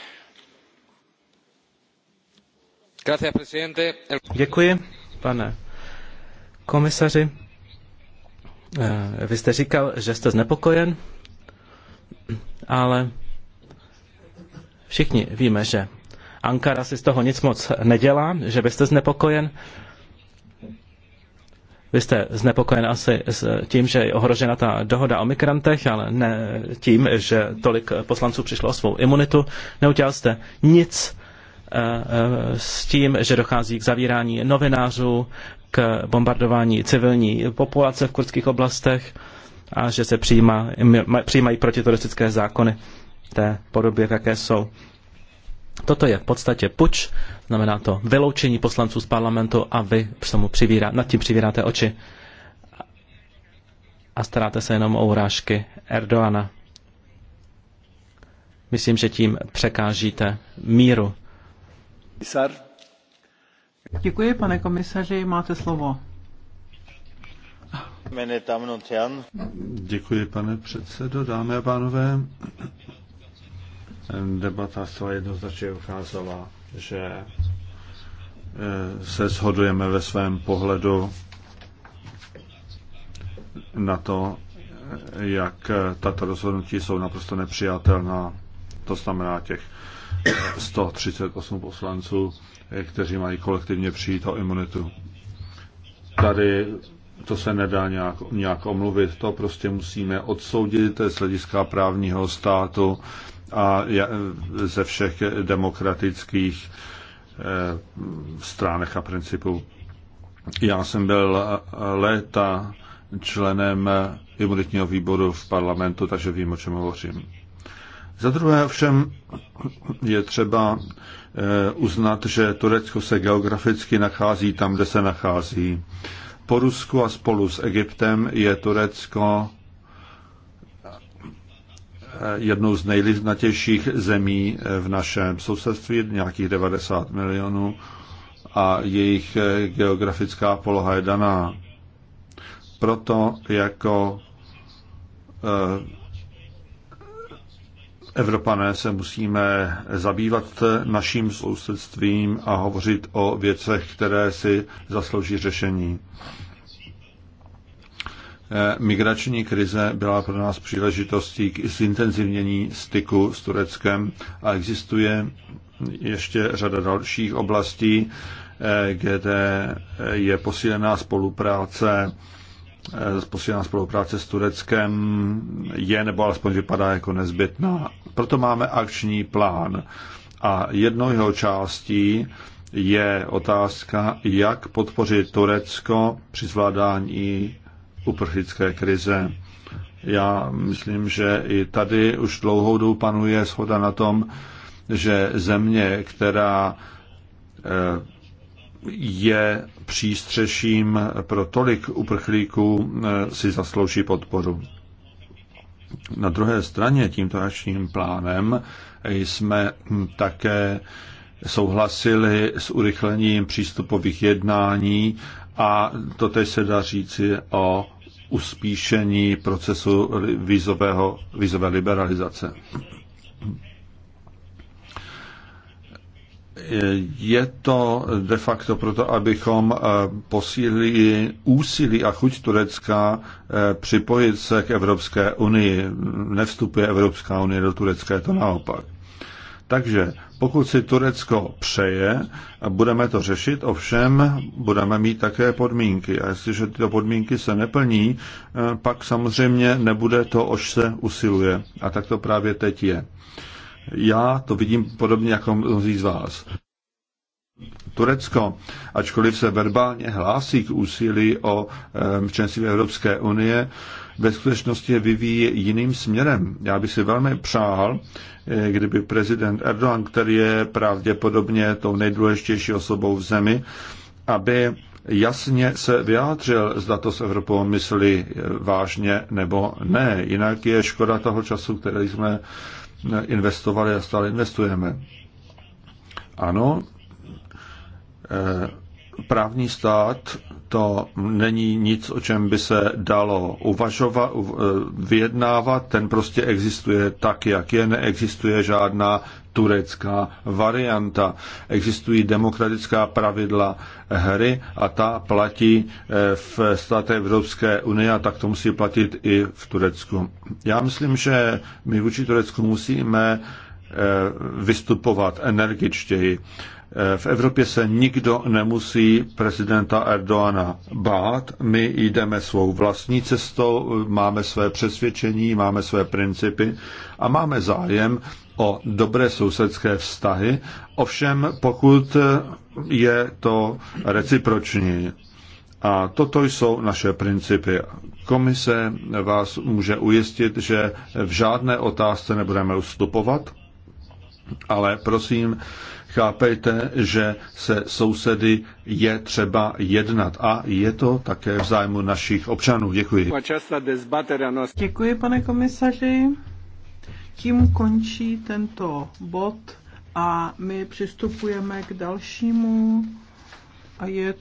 Děkuji, pane komisaři. Eh, vy jste říkal, že jste znepokojen, ale všichni víme, že Ankara si z toho nic moc nedělá, že byste znepokojen. Vy jste znepokojen asi s tím, že je ohrožena ta dohoda o migrantech, ale ne tím, že tolik poslanců přišlo o svou imunitu. Neudělal jste nic s tím, že dochází k zavírání novinářů, k bombardování civilní populace v kurdských oblastech a že se přijímají protiteroristické zákony v té podobě, v jaké jsou. Toto je v podstatě puč, znamená to vyloučení poslanců z parlamentu a vy tomu přivírá, nad tím přivíráte oči a staráte se jenom o urážky Erdoana. Myslím, že tím překážíte míru Děkuji, pane komisaři, máte slovo. Děkuji, pane předsedo, dámy a pánové. Debata zcela jednoznačně ukázala, že eh, se shodujeme ve svém pohledu na to, eh, jak eh, tato rozhodnutí jsou naprosto nepřijatelná. To znamená těch 138 poslanců, kteří mají kolektivně přijít o imunitu. Tady to se nedá nějak, nějak omluvit, to prostě musíme odsoudit z hlediska právního státu a ze všech demokratických eh, stránek a principů. Já jsem byl léta členem imunitního výboru v parlamentu, takže vím, o čem hovořím. Za druhé všem je třeba eh, uznat, že Turecko se geograficky nachází tam, kde se nachází. Po Rusku a spolu s Egyptem je Turecko eh, jednou z nejliznatějších zemí eh, v našem sousedství, nějakých 90 milionů, a jejich geografická poloha je daná. Proto jako Evropané se musíme zabývat naším sousedstvím a hovořit o věcech, které si zaslouží řešení. Eh, migrační krize byla pro nás příležitostí k zintenzivnění styku s Tureckem a existuje ještě řada dalších oblastí, kde eh, je posílená spolupráce posílená spolupráce s Tureckem je nebo alespoň vypadá jako nezbytná. Proto máme akční plán a jednou jeho částí je otázka, jak podpořit Turecko při zvládání uprchlické krize. Já myslím, že i tady už dlouhou dobu panuje shoda na tom, že země, která eh, je přístřeším pro tolik uprchlíků, eh, si zaslouží podporu. Na druhé straně tímto akčním plánem jsme také souhlasili s urychlením přístupových jednání a to teď se dá říci o uspíšení procesu vizové liberalizace je to de facto proto, abychom eh, posílili úsilí a chuť Turecka eh, připojit se k Evropské unii. Nevstupuje Evropská unie do Turecka, je to naopak. Takže pokud si Turecko přeje, budeme to řešit, ovšem budeme mít také podmínky. A jestliže tyto podmínky se neplní, eh, pak samozřejmě nebude to, oč se usiluje. A tak to právě teď je. Já to vidím podobně jako mnozí z vás. Turecko, ačkoliv se verbálně hlásí k úsilí o členství Evropské unie, ve skutečnosti vyvíjí jiným směrem. Já bych si velmi přál, eh, kdyby prezident Erdogan, který je pravděpodobně tou nejdůležitější osobou v zemi, aby jasně se vyjádřil, zda to s Evropou myslí eh, vážně nebo ne. Jinak je škoda toho času, který jsme investovali a stále investujeme. Ano, eh, právní stát to není nic, o čem by se dalo uvažovat, eh, vyjednávat, ten prostě existuje tak, jak je, neexistuje žádná turecká varianta. Existují demokratická pravidla hry a ta platí eh, v státech Evropské unie a tak to musí platit i v Turecku. Já myslím, že my vůči Turecku musíme eh, vystupovat energičtěji. Eh, v Evropě se nikdo nemusí prezidenta Erdoana bát. My jdeme svou vlastní cestou, máme své přesvědčení, máme své principy a máme zájem, o dobré sousedské vztahy, ovšem pokud je to reciproční. A toto jsou naše principy. Komise vás může ujistit, že v žádné otázce nebudeme ustupovat, ale prosím, chápejte, že se sousedy je třeba jednat a je to také v zájmu našich občanů. Děkuji. Děkuji, pane komisaři. Tím končí tento bod a my přistupujeme k dalšímu a je to